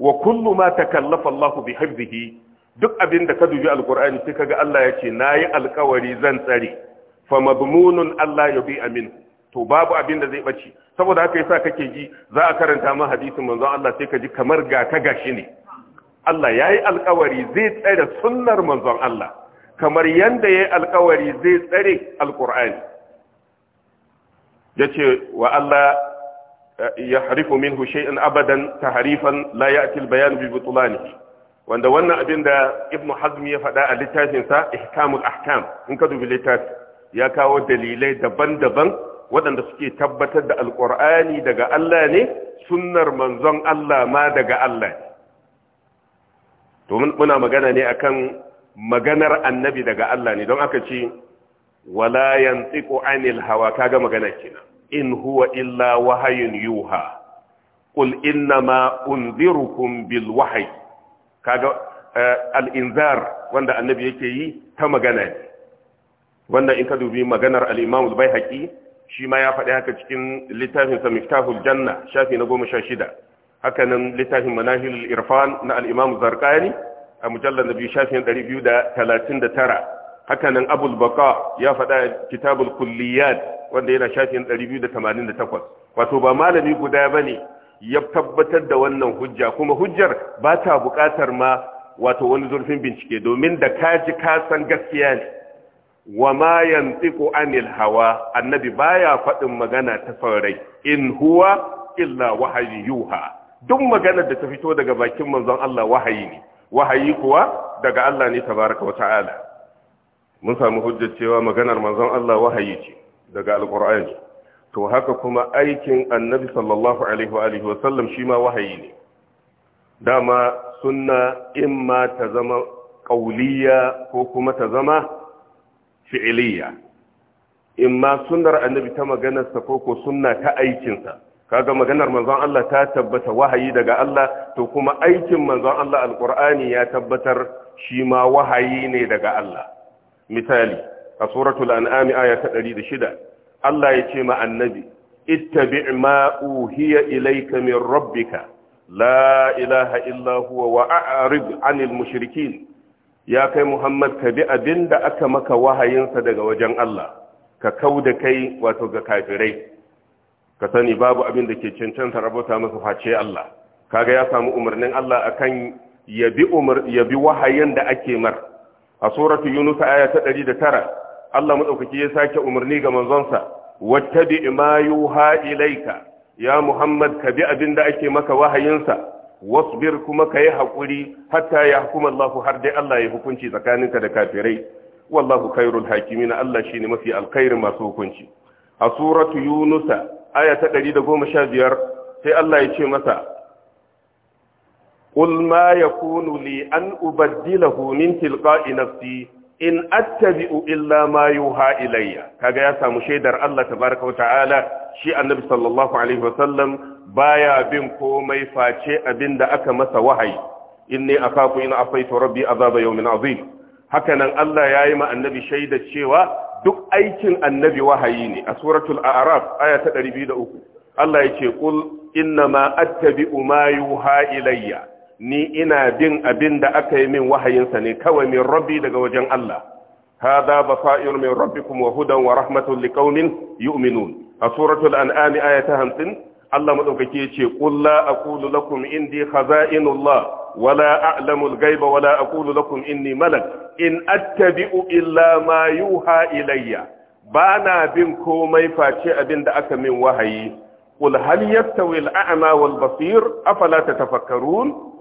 wa kullu ma takallafa Allah bi hifzihi duk abin da ka dubi alƙur'ani sai kaga Allah ya ce nayi alƙawari zan tsare fa mabmunun Allah yubi amin to babu abin da zai bace saboda haka yasa kake ji za a karanta ma hadisin manzo Allah sai ka ji kamar ga ka gashi ne Allah yayi alkawari zai tsare sunnar manzon Allah kamar yanda yayi alkawari zai tsare alqur'ani yace wa Allah eh, yahrifu minhu shay'an abadan tahrifan la ya'ti bayan bi butlanihi wanda wannan abin da Ibn Hazm ya faɗa a littafinsa Ihkamul Ahkam in ka dubi littafi ya kawo dalilai daban-daban waɗanda suke tabbatar da alƙur'ani daga Allah ne sunnar manzon Allah ma daga Allah ne domin muna magana ne akan maganar annabi daga Allah ne don aka ce wala yantiqu anil hawa kaga magana kenan in huwa illa wahayun yuha qul innama unzirukum bil wahyi kaga eh, al-inzar wanda annabi yake yi ta magana ne wannan in ka dubi maganar al-Imam al-Baihaqi shi ma ya faɗi haka cikin littafin sa miftahul janna shafi na goma sha shida haka nan littafin manahil irfan na al-imam a mujallar na biyu shafin ɗari biyu da talatin da tara haka nan abul baka ya faɗa kitabul kulliyat wanda yana shafi ɗari biyu da tamanin da takwas wato ba malami guda ba ne ya tabbatar da wannan hujja kuma hujjar ba ta buƙatar ma wato wani zurfin bincike domin da ka ji ka san gaskiya ne wa ma yantiqu anil hawa annabi baya faɗin magana ta farai in huwa illa wahayi yuha duk maganar da ta fito daga bakin manzon Allah wahayi ne wahayi kuwa daga Allah ne tabaraka wa ta'ala mun samu hujjar cewa maganar manzon Allah wahayi ce daga alqur'ani to haka kuma aikin annabi sallallahu alaihi wa alihi wasallam shi ma wahayi ne dama sunna imma ta zama kauliya ko kuma ta zama fi'iliya in ma sunnar annabi ta maganarsa ko ko sunna ta aikinsa kaga maganar manzon Allah ta tabbata wahayi daga Allah to kuma aikin manzon Allah alqur'ani ya tabbatar shi ma wahayi ne daga Allah misali a suratul an'am aya ta 106 Allah ya ce ma annabi ittabi' ma uhiya ilayka min rabbika la ilaha illa huwa wa a'rid 'anil mushrikeen ya kai muhammad ka bi abin da aka maka wahayinsa daga wajen allah ka kau da kai wato ga kafirai ka sani babu abin da ke cancanta rabota masu face allah kaga ya samu umarnin allah akan ya bi wahayin da ake mar a suratu yunus aya ta ɗari da tara. allah madaukaki ya sake umarni ga manzonsa wattabi ma yuha ilaika ya muhammad ka bi abin da ake maka wahayinsa wasbir kuma ka yi haƙuri hatta ya hukuma har dai Allah ya hukunci tsakaninka da kafirai wallahu khairul hakimin Allah shine mafi alkhairin masu hukunci a suratu yunusa aya ta 115 sai Allah ya ce masa qul ma yakunu li an ubaddilahu min tilqa'i nafsi in attabi'u illa ma yuha ilayya kaga ya samu shaidar Allah tabaraka wa ta'ala shi annabi sallallahu alaihi wa sallam baya bin komai face abinda aka masa wahayi inni akafu in afaitu rabbi azaba yawmin azim hakanan Allah yayi ma annabi shaidar cewa duk aikin annabi wahayi ne a suratul a'raf aya ta 203 Allah yace qul inna ma attabi'u ma yuha ilayya ni ina bin abin da aka yi min wahayinsa ne kawai min rabbi daga wajen Allah hada basair min rabbikum wa hudan wa rahmatun liqaumin yu'minun a suratul anami ayata hamsin, Allah madaukake yace qul la aqulu lakum indi khaza'inullah wala a'lamu al-ghaiba wala aqulu lakum inni malak in attabi'u illa ma yuha ilayya bana bin komai face abin da aka min wahayi qul hal yastawi al wal basir afala tatafakkarun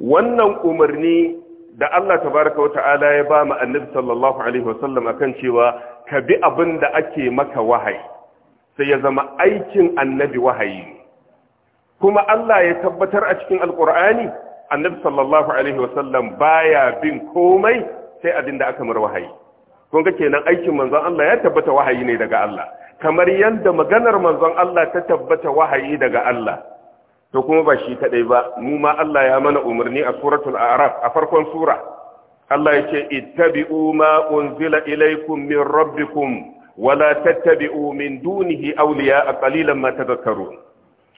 wannan umarni da Allah tabaraka wa ta'ala ya ba mu annabi sallallahu alaihi wasallam akan cewa ka bi abin da ake maka wahayi sai ya zama aikin annabi wahayi kuma Allah ya tabbatar a cikin alqur'ani annabi sallallahu alaihi wasallam baya bin komai sai abin da aka mar wahayi kun ga kenan aikin manzon Allah ya tabbata wahayi ne daga Allah kamar yadda maganar manzon Allah ta tabbata wahayi daga Allah to kuma ba shi kadai ba mu ma Allah ya mana umarni a suratul a'raf a farkon sura Allah yake ittabi'u ma unzila ilaykum min rabbikum wala tattabi'u min dunihi awliya qalilan ma tadhakkaru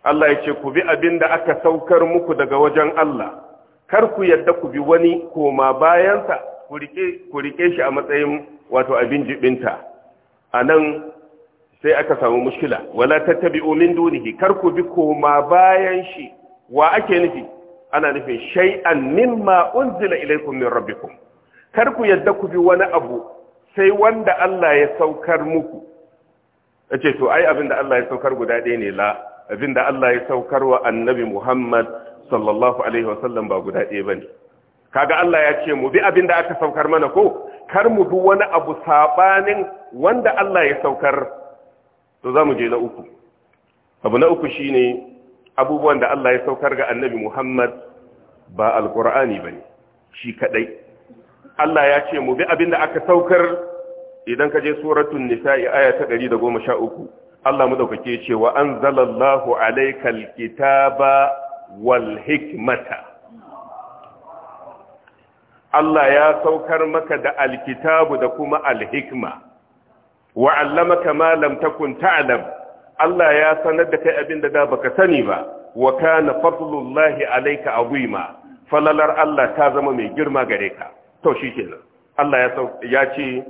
Allah yake ku bi abinda aka saukar muku daga wajen Allah kar ku yadda ku bi wani koma bayansa ku rike shi a matsayin wato abin jibinta a nan sai aka samu mushkila wala tattabi'u min dunihi kar ku bi koma bayan shi wa ake nufi ana nufin shay'an mimma unzila ilaykum min rabbikum kar ku yadda ku bi wani abu sai wanda Allah ya saukar muku yace to ai abinda Allah ya saukar guda ɗaya ne la abinda Allah ya saukar wa annabi Muhammad sallallahu alaihi wasallam ba guda ɗaya bane kaga Allah ya ce mu bi abinda aka saukar mana ko kar mu bi wani abu sabanin wanda Allah ya saukar to za mu je na uku abu na uku shine abubuwan da Allah ya saukar ga annabi Muhammad ba alkur'ani ba ne shi kadai Allah ya ce mu bi abin da aka saukar idan ka je suratun nisa'i aya ta 113 Allah mu madaukake ce wa anzalallahu alaykal kitaba wal hikmata Allah ya saukar maka da alkitabu da kuma alhikma wa 'allamaka ma lam takun ta'lam Allah ya sanar da kai abin da da baka sani ba wa kana fadlullahi alayka azima falalar Allah ta zama mai girma gare ka to shikenan Allah ya ce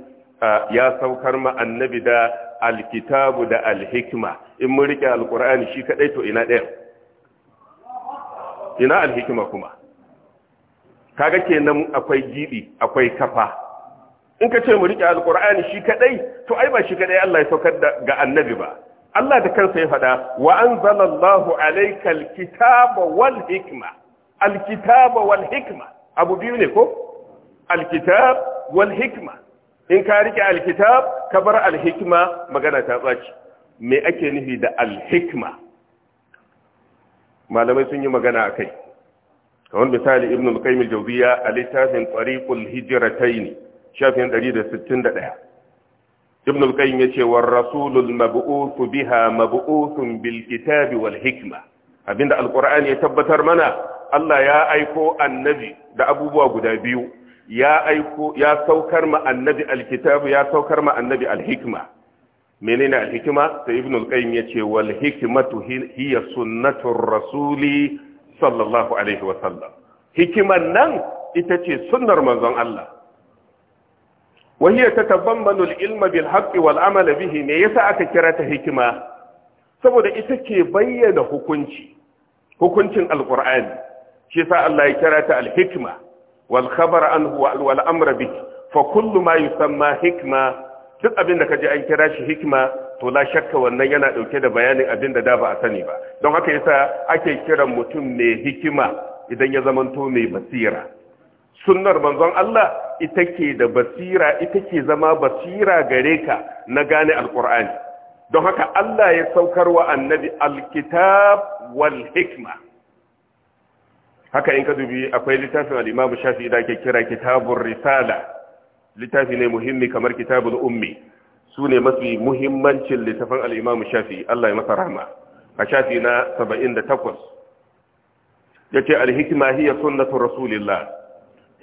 ya saukar ma annabi da alkitabu da alhikma in mun rike alkur'ani shi kadai to ina ɗaya ina alhikma kuma kaga kenan akwai gibi akwai kafa in ka ce mu rike Alƙur'ani shi kaɗai, to ai ba shi kaɗai Allah ya saukar da ga annabi ba Allah da kansa ya faɗa wa anzalallahu alaika kitaba wal hikma alkitaba wal hikma abu biyu ne ko alkitab wal hikma in ka rike alkitab ka bar alhikma magana ta tsaci me ake nufi da alhikma malamai sun yi magana a kai kamar misali ibn al-qayyim al-jawziya a littafin tariqul hijratayn shafin 161 ibn al-qayyim yace war rasulul mab'uth biha mab'uthun bilkitabi kitabi wal hikma abinda alqur'ani ya tabbatar mana Allah ya aiko annabi da abubuwa guda biyu ya aiko ya saukar ma annabi alkitabu ya saukar ma annabi alhikma menene alhikma sai ibn al-qayyim yace wal hikmatu hiya sunnatur rasuli sallallahu alaihi wa sallam hikiman nan ita ce sunnar manzon Allah وهي تتضمن العلم بالحق والعمل به me yasa aka kira ta hikima saboda ita ke bayyana hukunci hukuncin alqur'ani shi yasa Allah ya kira ta alhikma wal khabar anhu wal amr fa kullu ma yusamma hikma duk abin da kaji an kira shi hikma to la shakka wannan yana dauke da bayanin abin da da ba a sani ba don haka yasa ake kiran mutum mai hikima idan ya zamanto mai basira sunnar manzon Allah ita ke da basira ita ke zama basira gare ka na gane alkur'ani don haka Allah ya saukar wa annabi alkitab wal hikma haka in ka dubi akwai littafin al shafi da ke kira kitabun risala littafi ne muhimmi kamar kitabun ummi su ne mafi muhimmancin littafin al shafi, Allah ya masa rahma a shafi na 78 yace al hiya sunnatu rasulillah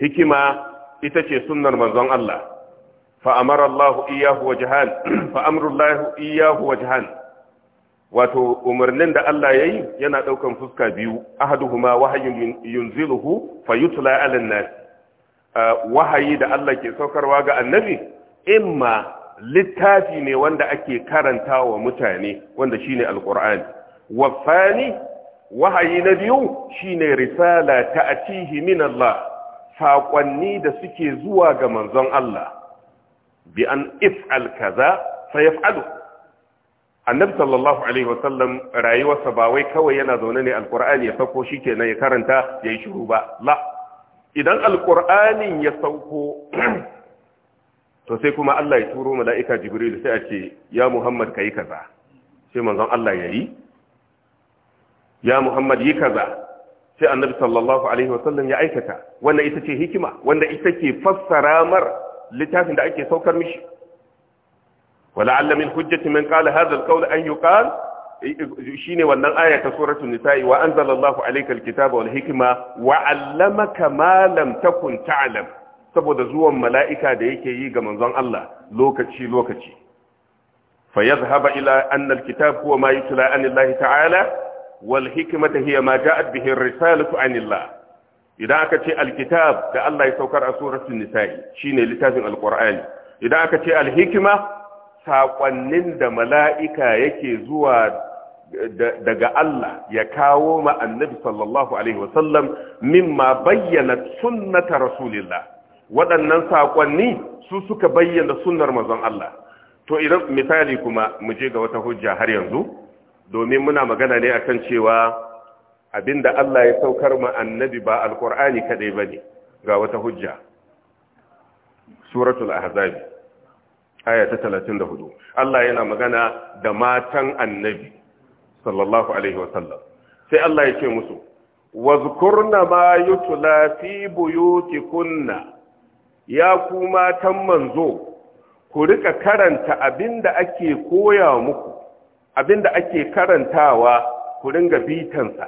hikima ita ce sunnar manzon Allah fa amara iyyahu wajhan fa amru iyyahu wajhan wato umarnin da Allah yayi yana daukan fuska biyu ahaduhuma wahyun yunziluhu ala nas ah, wahayi da Allah ke saukarwa ga annabi imma littafi ne wanda ake karanta wa mutane wanda shine alqur'ani wa fani wahayi na biyu shine risala ta'tihi min Allah saƙonni da suke zuwa ga manzon Allah bi an if'al kaza fa yaf'alu annabi sallallahu alaihi wasallam rayuwarsa ba wai kawai yana zaune ne alqur'ani ya sauko shikenan ya karanta ya yi shiru ba la idan alqur'anin ya sauko to sai kuma Allah ya turo mala'ika jibril sai a ce ya muhammad kai kaza sai manzon Allah yayi ya muhammad yi kaza sai annabi sallallahu alaihi wasallam ya aikata wannan ita ce hikima wanda ita ke fassara mar littafin da ake saukar mishi wala'alla min hujjati man qala hadha al an yuqal shine wannan aya ta suratul nisa'i wa anzalallahu alayka al-kitaba wal hikma wa 'allamaka ma lam takun ta'lam saboda zuwan mala'ika da yake yi ga manzon Allah lokaci lokaci fa yadhhaba ila anna kitab huwa ma yutla an Allah ta'ala wal ta hiya ma ja'at bihi ar-risalatu anillah idan aka ce alkitab da Allah ya saukar a suratul nisa'i shine littafin alqur'ani idan aka ce alhikima saƙonnin da mala'ika yake zuwa daga Allah ya kawo ma annabi sallallahu alaihi wasallam mimma bayyana sunnata rasulillah waɗannan saƙonni su suka bayyana sunnar manzon Allah to idan misali kuma mu je ga wata hujja har yanzu domin muna magana ne akan cewa abinda Allah ya saukar ma annabi ba alqur'ani kadai bane ga wata hujja suratul ahzab aya ta 34 Allah yana magana da matan annabi sallallahu alaihi wasallam sai Allah ya ce musu wazkurna ma yutla fi buyutikunna ya ku matan manzo ku rika karanta abinda ake koya muku abinda ake karantawa ku ringa bitansa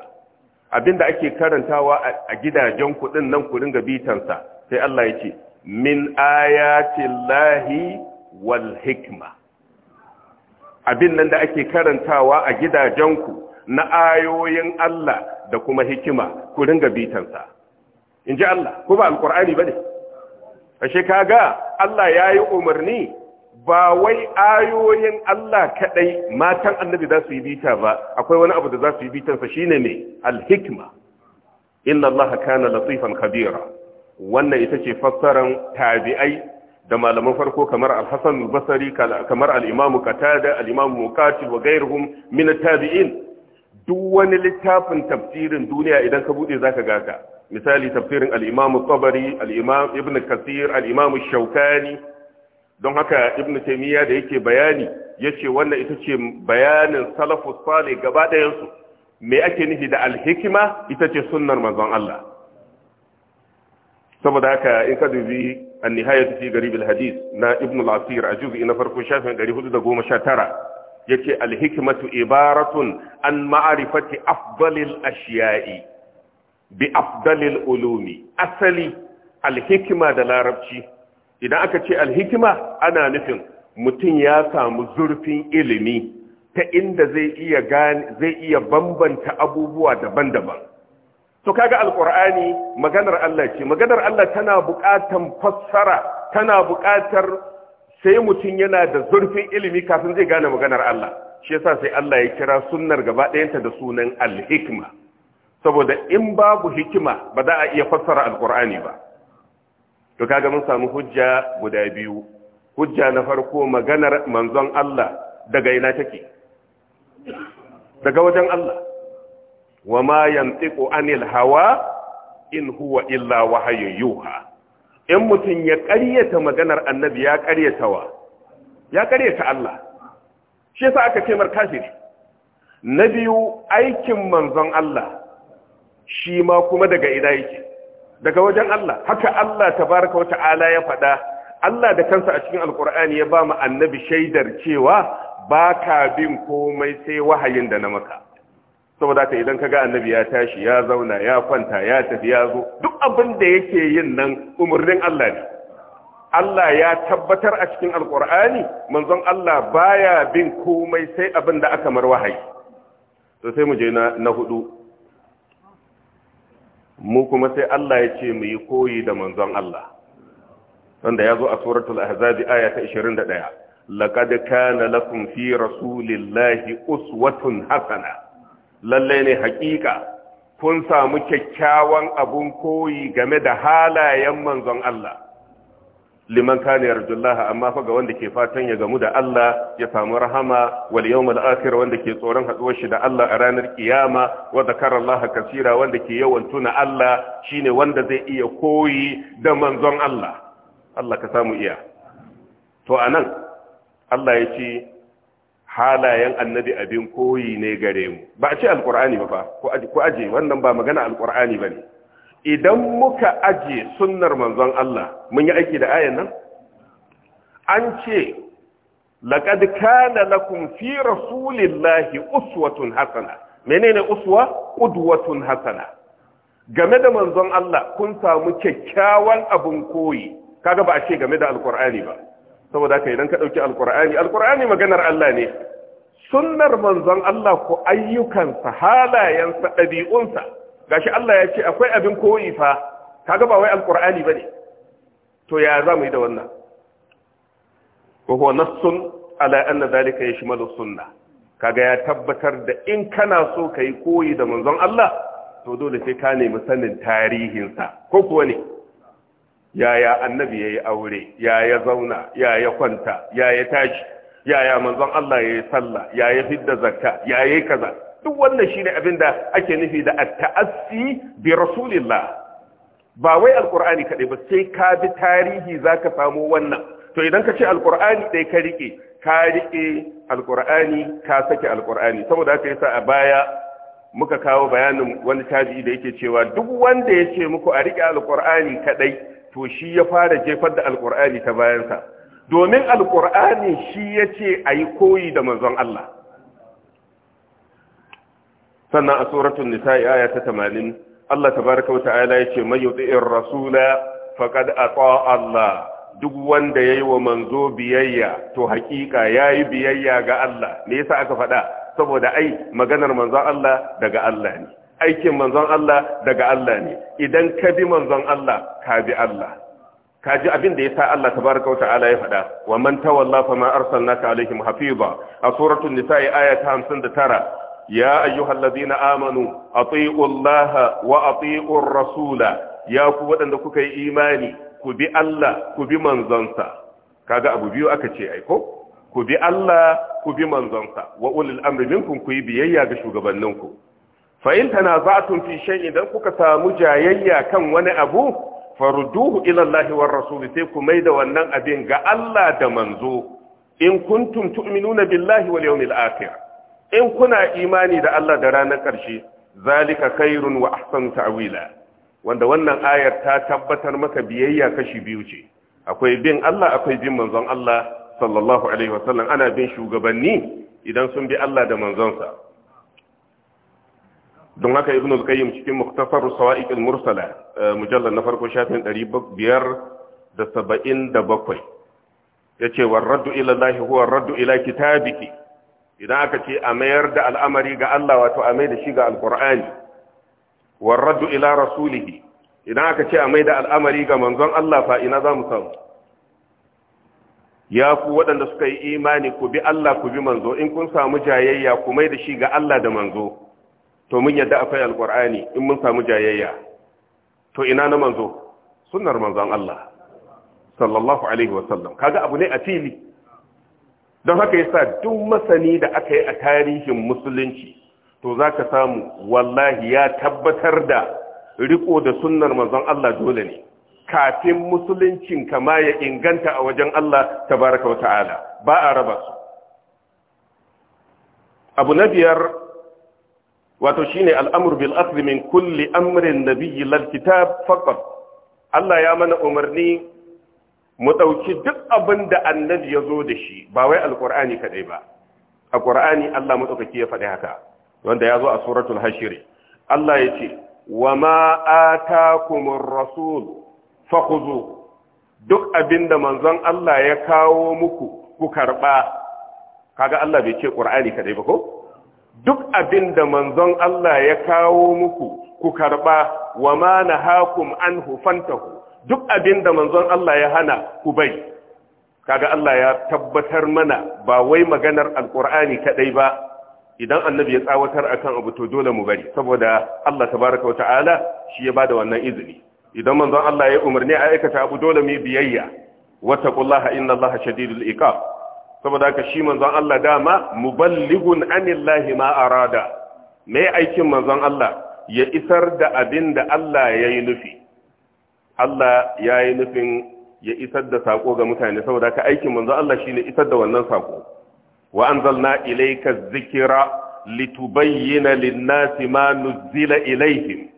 abinda ake karantawa a gidajen kuɗin nan ku ringa bitansa sai Allah ya ce min ayatillahi wal hikma abin nan da ake karantawa a gidajen ku na ayoyin Allah da kuma hikima ku ringa bitansa in ji Allah ko ba alkur'ani ba ne ashe kaga Allah yayi umarni ba wai ayoyin Allah kaɗai. matan annabi za su yi bita ba akwai wani abu da za su yi bitansa shine ne alhikma inna Allah kana latifan khabira wannan ita ce fassaran tabi'ai da malaman farko kamar al basari kamar al katada Qatada al-Imam Muqatil wa ghayruhum min tabiin duk wani littafin tafsirin duniya idan ka bude zaka gaka misali tafsirin al-Imam Tabari al-Imam Ibn Kathir al Shawkani don haka ibnu taymiya da yake bayani yace wannan ita ce bayanin salafus salih gaba ɗayan su me ake nufi da alhikima ita ce sunnar manzon Allah saboda haka in ka dubi an-nihayat fi garib al-hadith na ibn al-asir a juz'i na farko shafin 419 yace al-hikmatu ibaratun an ma'rifati afdalil ashiya'i bi afdalil ulumi asali al da larabci idan aka ce alhikima ana nufin mutum ya samu zurfin ilimi ta inda zai iya bambanta abubuwa daban-daban to kaga alqur'ani maganar Allah ce maganar Allah tana buƙatar fassara tana buƙatar sai mutum yana da zurfin ilimi kafin zai gane maganar Allah shi yasa sai Allah ya kira sunnar gaba ɗayanta da sunan alhikima. saboda in babu hikima ba za a iya fassara alqur'ani ba to kaga mun samu hujja guda biyu hujja na farko maganar manzon Allah daga ina take daga wajen Allah wa ma yantiqu anil hawa in huwa illa wahyu yuha in mutum ya ƙaryata maganar annabi ya ƙaryatawa ya ƙaryata Allah shi yasa aka ce mar kafiri na biyu aikin manzon Allah shi ma kuma daga ina yake daga wajen Allah haka Allah tabaraka wa ta'ala ya faɗa Allah da kansa a cikin alkur'ani ya ba mu annabi shaidar cewa ba ka bin komai sai wahayin da na maka saboda ka idan kaga annabi ya tashi ya zauna ya kwanta ya tafi ya zo duk abin da yake yin nan umarnin Allah ne Allah ya tabbatar a cikin alkur'ani manzon Allah baya bin komai sai abin da aka mar wahayi to sai mu je na hudu mu kuma sai Allah ya ce mu yi koyi da manzon Allah wanda ya zo a suratul ahzabi aya ta 21 laqad kana lakum fi rasulillahi uswatun hasana lalle ne hakika kun samu kyakkyawan abun koyi game da halayen manzon Allah liman kana yarjullaha amma fa ga wanda ke fatan ya gamu da Allah ya samu rahama wal yawmal akhir wanda ke tsoron haduwar shi da Allah a ranar kiyama wa zakara Allah kasira wanda ke yawan tuna Allah shine wanda zai iya koyi da manzon Allah Allah ka samu iya to anan Allah ya ce halayen annabi abin koyi ne gare mu ba a ce alqur'ani ba fa ko aje wannan ba magana alqur'ani bane idan muka ajiye sunnar manzon Allah mun yi aiki da ayan nan an ce laqad kana lakum fi rasulillahi uswatun hasana menene uswa qudwatun hasana game da manzon Allah kun samu kyakkyawan abun koyi kaga ba a ce game da alqur'ani ba saboda haka idan ka dauki alqur'ani alqur'ani maganar Allah ne sunnar manzon Allah ko sa halayensa ɗabi'unsa gashi Allah ya ce akwai abin koyi fa kaga ba wai alqur'ani bane to ya za mu yi da wannan wa huwa nassun ala anna dhalika yashmalu sunnah kaga ya tabbatar da in kana so kai koyi da manzon Allah to dole sai ka nemi sanin tarihinsa ko kuwa ne yaya annabi yayi aure yaya zauna yaya kwanta yaya tashi yaya manzon Allah yayi sallah yaya fidda zakka yaya kaza duk wannan shine abin da ake nufi da at-ta'assi bi rasulillah ba wai alqur'ani kadai ba sai ka bi tarihi zaka samu wannan to idan ka ce alqur'ani dai ka rike ka rike alqur'ani ka sake alqur'ani saboda haka yasa a baya muka kawo bayanin wani tabi'i da yake cewa duk wanda ya ce muku a rike alqur'ani kadai to shi ya fara jefar da alqur'ani ta bayansa domin alqur'ani shi yace ayi koyi da manzon Allah sannan a suratul nisa'i aya ta tamanin. Allah tabaraka wa ta'ala yace may yuti'ir rasula faqad ata Allah duk wanda yayi wa manzo biyayya to hakika yayi biyayya ga Allah me yasa aka faɗa saboda ai maganar manzon Allah daga Allah ne aikin manzon Allah daga Allah ne idan ka bi manzon Allah ka bi Allah ka ji abin da ya sa Allah tabaraka wa ta'ala ya faɗa wa man tawalla fa ma arsalnaka alaihim hafiza a suratul nisa'i aya ta 59 يا أيها الذين آمنوا أطيعوا الله وأطيعوا الرسول يا قوة أنك إيماني كبي الله كبي منزنسا كذا أبو بيو أكتشي أيكم ku bi Allah ku bi manzonsa wa ulil amri minkum ku yi biyayya ga shugabanninku fa in tanaza'tum fi shay'in idan kuka samu jayayya kan wani abu farduhu ila Allah war rasul sai ku da wannan abin ga Allah da manzo in kuntum tu'minuna billahi wal yawmil akhir in kuna imani da Allah da ranar ƙarshe zalika khairun wa Ahsan ta'wila wanda wannan ayar ta tabbatar maka biyayya kashi biyu ce akwai bin Allah akwai bin manzon Allah sallallahu alaihi wasallam ana bin shugabanni idan sun bi Allah da manzonsa don haka ibn al-qayyim cikin muktasar sawa'iq al-mursala eh, mujallal na farko shafin 577 yace war raddu ila Allah huwa raddu ila kitabiki idan aka ce a mayar da al'amari ga Allah wato a mai da shi ga alqur'ani warraddu ila rasulihi idan aka ce a mai da al'amari ga manzon Allah fa ina za mu samu ya ku waɗanda suka yi imani ku bi Allah ku bi manzo in kun samu jayayya ku mai da shi ga Allah da manzo to mun yadda akwai alqur'ani in mun samu jayayya to ina na manzo sunnar manzon Allah sallallahu alaihi wasallam kaga abu ne a fili don haka yasa duk masani da aka yi a tarihin musulunci to za ka samu wallahi ya tabbatar da riko da sunnar manzon Allah dole ne kafin musuluncin kama ya inganta a wajen Allah tabaraka wa ta'ala ba a raba su abu na biyar wato shine al'amur bil akhd min kulli amrin nabiyyi lal Allah ya mana umarni mu ɗauki duk abin da annabi ya zo da shi ba wai alƙur'ani kaɗai ba a ƙur'ani Allah maɗaukaki ya faɗi haka wanda ya zo a suratul hashiri Allah ya ce wa ma atakumur rasul fakhuzu duk abin da manzon Allah ya kawo muku ku karɓa kaga Allah bai ce ƙur'ani kaɗai ba ko duk abin da manzon Allah ya kawo muku ku karɓa wa ma nahakum anhu fantahu duk abin da manzon Allah ya hana ku bai kaga Allah ya tabbatar mana ba wai maganar alqur'ani kadai ba idan annabi ya tsawatar akan abu to dole mu bari saboda Allah tabaraka wa ta'ala shi ya bada wannan izini idan manzon Allah ya umarni a aikata abu dole mu biyayya wattaqullaha innallaha shadidul iqab saboda haka shi manzon Allah dama muballighun anillahi ma arada mai aikin manzon Allah ya isar da abin da Allah ya yi nufi Allah ya yi nufin ya isar da sako ga mutane saboda ka aikin manzo Allah shine isar da wannan sako wa anzalna ilayka dhikra litubayyana lin-nasi ma nuzila ilayhim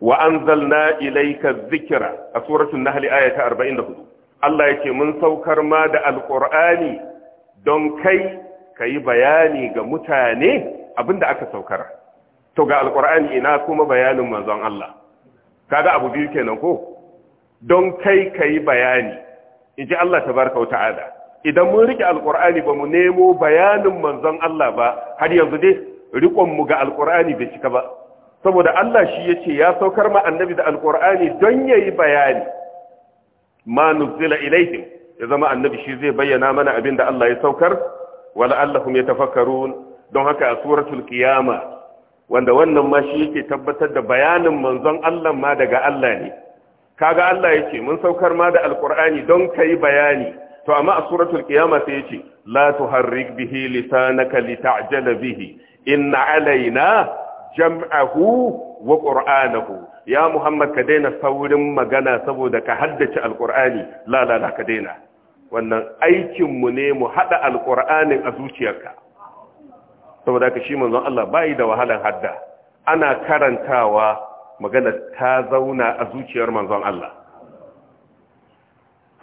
wa anzalna ilayka dhikra a suratul nahl ayata 44 Allah yake mun saukar ma da alqur'ani don kai kai bayani ga mutane abinda aka saukar to ga alqur'ani ina kuma bayanin manzon Allah kaga abu biyu kenan ko don kai kai bayani in ji Allah tabaraka ta'ala idan mun rike alqur'ani ba mu nemo bayanin manzon Allah ba har yanzu dai rikon mu ga alqur'ani bai cika ba saboda Allah shi yace ya saukar ma annabi da alqur'ani don yayi bayani ma nuzila ilaihim ya zama annabi shi zai bayyana mana abin da Allah ya saukar wala allahum yatafakkarun don haka a suratul qiyama wanda wannan ma shi yake tabbatar da bayanin manzon Allah ma daga Allah ne kaga Allah yake mun saukar ma da alqur'ani don kai bayani to amma a suratul qiyama sai yace la tuharrik bihi lisanaka lita'jala bihi inna alaina jam'ahu wa qur'anahu ya muhammad ka daina saurin magana saboda ka haddace alqur'ani la la la ka daina wannan aikin mu ne mu hada alqur'anin a zuciyarka saboda ka shi manzon Allah bai da wahalan hadda ana karantawa magana ta zauna a zuciyar manzon Allah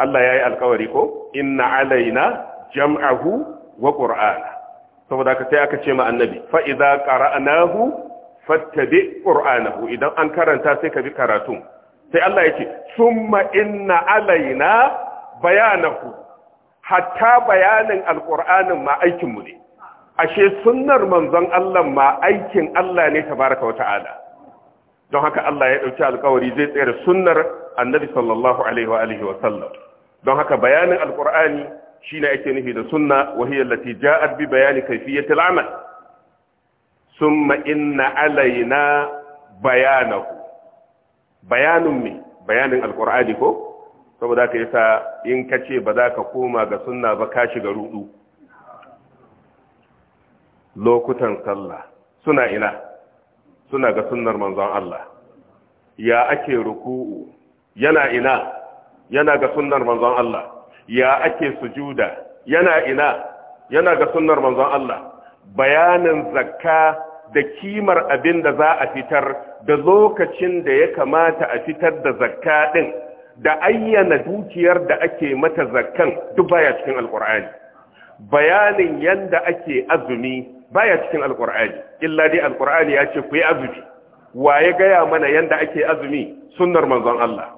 Allah yayi alkawari ko inna alaina jam'ahu wa qur'ana saboda ka sai aka ce ma annabi fa idza qara'nahu fattabi qur'anahu idan an karanta sai ka bi karatun sai Allah yake summa inna alaina bayanahu hatta bayanin alqur'anin ma aikin mu ne ashe sunnar manzon Allah ma aikin Allah ne tabaraka wata'ala don haka Allah ya dauki alkawari zai tsere sunnar annabi sallallahu alaihi wa alihi wa sallam don haka bayanin alqur'ani shine ake nufi da sunna wa hiya allati ja'at bi bayani kayfiyati al'amal summa inna alaina bayanahu bayanun bayanin alqur'ani ko saboda yasa in kace ba za ka koma ga sunna ba ka shiga rudu lokutan sallah suna ina suna ga sunnar manzon Allah ya ake ruku'u yana ina yana ga sunnar manzon Allah ya ake sujuda yana ina yana ga sunnar manzon Allah bayanin zakka da kimar abin da za a fitar da lokacin da ya kamata a fitar da zakka din da ayyana dukiyar da ake mata zakkan duk baya cikin alkur'ani bayanin yanda ake azumi baya cikin alqur'ani illa dai alqur'ani ya ce ku yi azumi waye gaya mana yanda ake azumi sunnar manzon Allah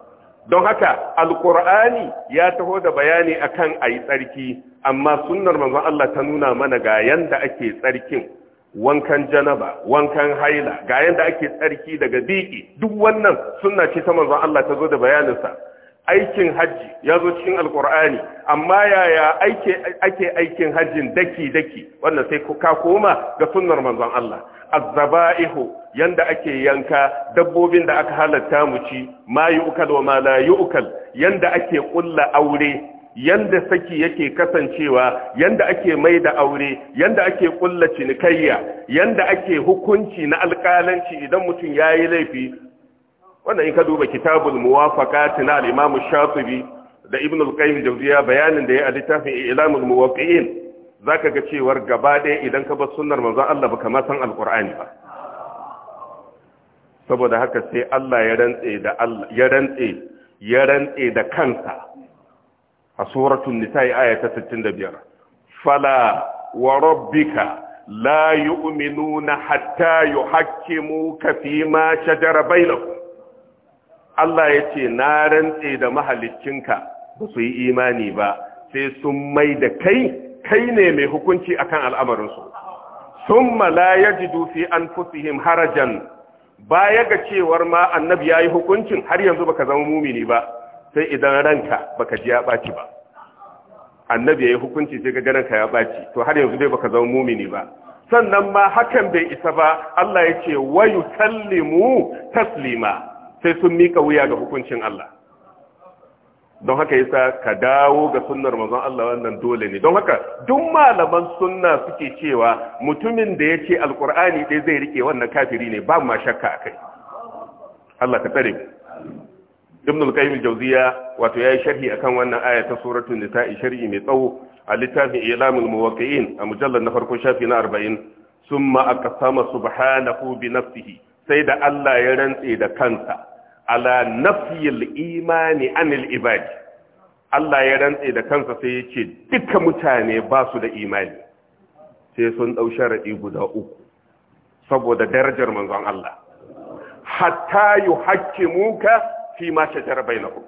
don haka alqur'ani ya taho da bayani akan ayi tsarki amma sunnar manzon Allah ta nuna mana ga yanda ake tsarkin wankan janaba wankan haila ga yanda ake tsarki daga diki duk wannan sunna ce ta manzon Allah ta zo da bayaninsa aikin hajji ya zo cikin alkur'ani amma yaya ake aikin hajjin daki daki wannan sai ka koma ga sunnar manzon Allah azzaba'ihu yanda ake yanka dabbobin da aka halatta mu ci ma yu'kal wa ma la yu'kal yanda ake kulla aure yanda saki yake kasancewa yanda ake mai da aure yanda ake kulla cinikayya yanda ake hukunci na alƙalanci idan mutum yayi laifi wannan in ka duba kitabul muwafakati na al-imam shatibi da ibn al-qayyim jawziya bayanin da ya a littafin ilamul muwaqqi'in zaka ga cewar gaba ɗaya idan ka bar sunnar manzon Allah ba kamar san alqur'ani ba saboda haka sai Allah ya rantse da Allah ya rantse ya rantse da kansa a suratul nisa'i aya ta 65 fala wa rabbika la yu'minuna hatta kafi ma shajara bainahum Allah ya ce na rantse da mahalicinka ba su yi imani ba sai sun mai da kai kai ne mai hukunci akan al'amarinsu sun malaya ji dufi an fusihim harajan baya ga cewar ma annabi ya yi hukuncin har yanzu baka zama mumini ba sai idan ranka baka ji ya ɓaci ba annabi ya yi hukunci sai ga ranka ya ɓaci to har yanzu dai baka zama mumini ba sannan ma hakan bai isa ba Allah ya ce wayu sallimu taslima sai sun mika wuya ga hukuncin Allah don haka yasa ka dawo ga sunnar manzon Allah wannan dole ne don haka duk malaman sunna suke cewa mutumin da yace alqur'ani dai zai rike wannan kafiri ne ba ma shakka akai Allah ka tsare Ibn al-Qayyim al-Jawziya wato yayi sharhi akan wannan aya ta suratu nisa'i sharhi mai tsawo a littafin Ilamul Muwaqqi'in a mujallal na farko shafi na 40 summa aqsama subhanahu bi nafsihi sai da Allah ya rantse da kansa ala nafyil imani anil ibadi Allah ya rantse da kansa sai ya ce duka mutane ba su da imani sai sun ɗau raɗi guda uku saboda darajar manzon Allah hatta muka fi ma jarabai bainahum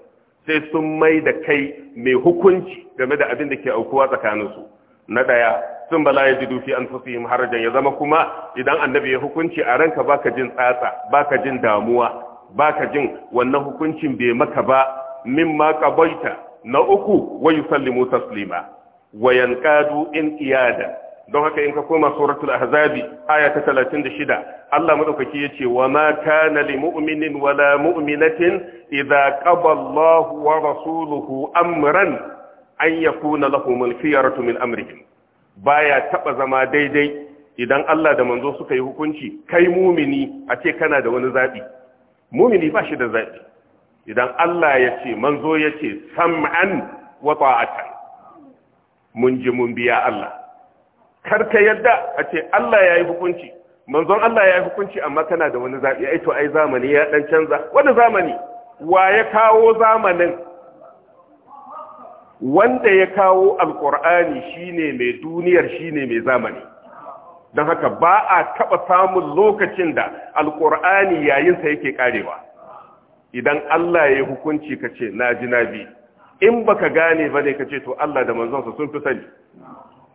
sai sun mai da kai mai hukunci game da abin da ke aukuwa tsakaninsu na ɗaya. sun bala ya an fi anfusihim harajan ya zama kuma idan annabi ya hukunci a ranka baka jin tsatsa baka jin damuwa baka jin wannan hukuncin bai maka ba ma qabaita na uku wa yusallimu taslima wa yanqadu in iyada don haka in ka koma suratul ahzabi aya ta 36 Allah madaukaki yace wa ma kana lil mu'minin wala mu'minatin idza qaba Allahu wa rasuluhu amran an yakuna lahumul khiyaratu min amrihim baya taba zama daidai idan Allah da manzo suka yi hukunci kai mumini a ce kana da wani zabi mumini ba shi da zabi idan Allah ya ce manzo ya ce sam'an wa ta'ata mun ji mun biya Allah kar ka yadda a ce Allah ya yi hukunci manzon Allah ya yi hukunci amma kana da wani zabi ai to ai zamani ya dan canza wani zamani wa ya kawo zamanin wanda ya kawo alkur'ani shine mai duniyar shine mai zamani don haka ba a taɓa samun lokacin da alkur'ani yayinsa yake karewa idan Allah ya hukunci ka ce na ji na bi in baka gane ba ne ka ce to Allah da manzonsa sun fi sani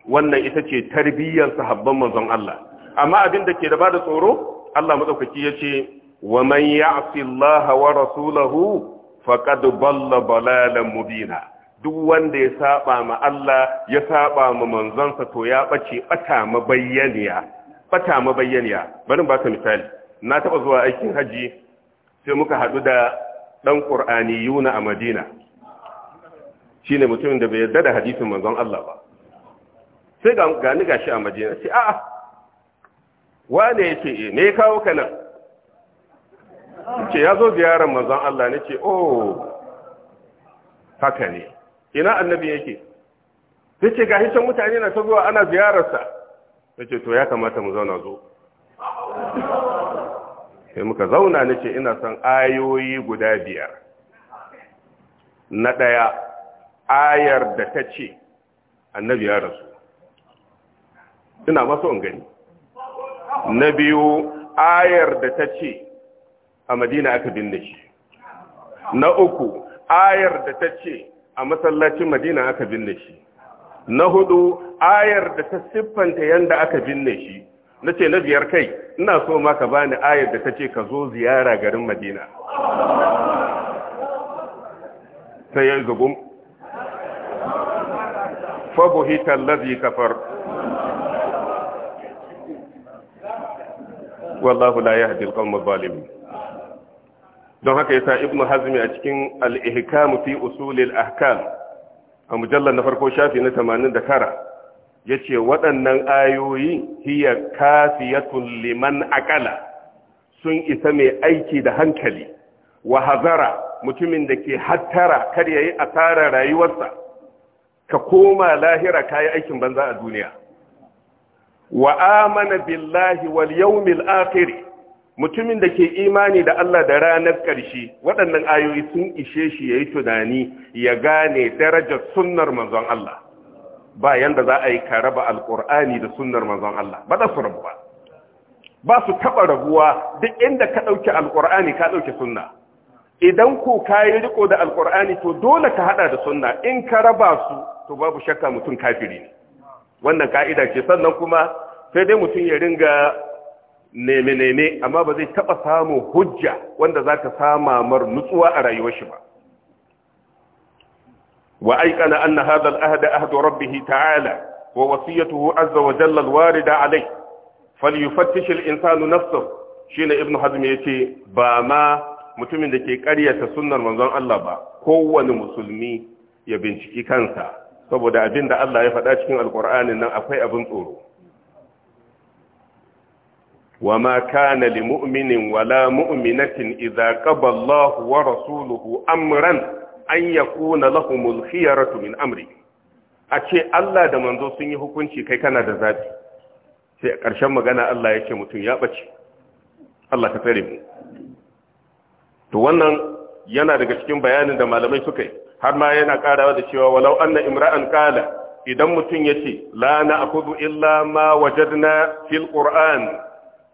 wannan ita ce tarbiyyar sahabban manzon Allah amma abin da ke da bada tsoro Allah madaukaki ya ce wa man ya'si Allah wa rasulahu faqad balla balalan mubina duk wanda ya saba ma Allah ya saba ma manzansa to ya bace bata mabayyaniya bata mabayyaniya bari baka misali na taba zuwa aikin haji sai muka hadu da dan yuna a Madina shine mutumin da bai yarda da hadisin manzon Allah ba sai ga gani gashi a Madina sai a'a wane yake eh me kawo ka nan ce ya zo ziyarar manzon Allah nace oh haka ne ina annabi yake sai ce ga hishan mutane na ta zuwa ana ziyararsa ya ce to ya kamata mu zauna zo sai muka zauna na ce ina son ayoyi guda biyar na ɗaya ayar da ta ce annabi ya rasu ina maso in gani na biyu ayar da ta ce a madina aka binne shi na uku ayar da ta ce a masallacin madina aka binne shi na hudu ayar da ta siffanta yanda aka binne shi na ce na biyar kai ina so ma ka bani ayar da ta ce ka zo ziyara garin madina sai ya zugum fabuhita allazi kafar wallahu la yahdi alqawma zalimin don haka yasa ibnu hazmi a cikin al-ihkam fi usul ahkam a mujallar na farko shafi na 89 yace waɗannan ayoyi hiya kafiyatun liman aqala sun isa mai aiki da hankali wa hazara mutumin da ke hattara kar yayi asara rayuwarsa ka koma lahira kayi aikin banza a duniya wa amana billahi wal yawmil akhir mutumin da ke imani da Allah da ranar ƙarshe waɗannan ayoyi sun ishe shi ya yi tunani ya gane darajar sunnar manzon Allah ba yanda za a yi ka raba alƙur'ani da sunnar manzon Allah ba da su rabu ba ba su taɓa rabuwa duk inda ka ɗauki alƙur'ani ka ɗauki sunna idan ko ka yi riko da alƙur'ani to dole ka haɗa da sunna in ka raba su to babu shakka mutum kafiri ne wannan ka'ida ce sannan kuma sai dai mutum ya ringa neme-neme amma ba zai taɓa samun hujja wanda za ta sama nutsuwa a rayuwar shi ba wa aikana anna hadha al-ahd ahd rabbih ta'ala wa wasiyatuhu azza wa jalla al-warida alayh Falyu al-insanu nafsahu shine ibnu hazm yace ba ma mutumin da ke ƙaryata sunnar manzon Allah ba kowane musulmi ya binciki kansa saboda abin da Allah ya faɗa cikin alƙur'anin nan akwai abin tsoro wa ma kana li mu'minin wala mu'minatin idza qaba Allahu wa rasuluhu amran an yakuna lahumul khiyaratu min amri a ce Allah da manzo sun yi hukunci kai kana da zabi sai a ƙarshen magana Allah ya ce mutum ya bace Allah ka tsare mu to wannan yana daga cikin bayanin da malamai suka yi har ma yana karawa da cewa walau anna imra'an qala idan mutum yace la na'khudhu illa ma wajadna fil qur'an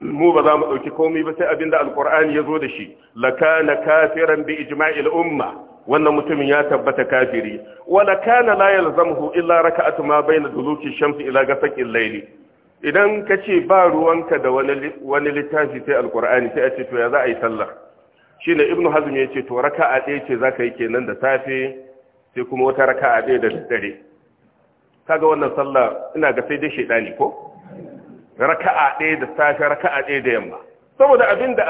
mu ba za mu ɗauki komai ba sai abin da alkur'ani ya zo da shi lakana kafiran bi ijma'il umma wannan mutumin ya tabbata kafiri wa lakana la yalzamuhu illa raka ma baina duluki shamsi ila gasaqil layli idan ka ce ba ruwanka da wani wani littafi sai alkur'ani sai a ce to ya za a yi sallah shine ibnu hazm ya ce to raka'a ɗaya ce zaka yi kenan da safe sai kuma wata raka'a ɗaya da dare kaga wannan sallah ina ga sai dai shedani ko raka'a ɗaya da safe raka'a ɗaya da yamma saboda abin da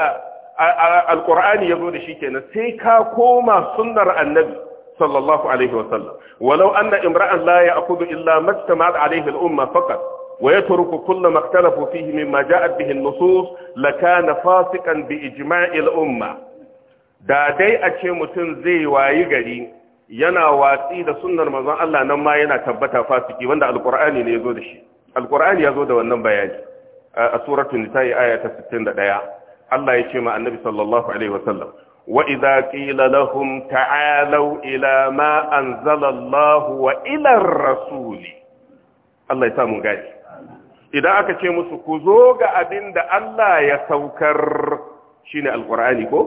ya yazo da shi kenan sai ka koma sunnar annabi sallallahu alaihi wa sallam walau anna imra'an la ya'khudhu illa ma istama'at alaihi al-umma faqat ويترك كل ما اختلفوا فيه مما جاءت به النصوص لكان فاسقا بإجماع umma da dai a ce mutum zai wayi gari yana watsi da sunnar manzon Allah nan ma yana tabbata fasiki wanda alkur'ani ne ya zo da shi alqur'ani ya zo da wannan bayani a suratul nisa'i aya ta 61 Allah ya ce ma annabi sallallahu alaihi wasallam wa idza qila lahum ta'alu ila ma anzala Allah wa ila ar Allah ya samu gadi idan aka ce musu ku zo ga abinda Allah ya saukar shine alqur'ani ko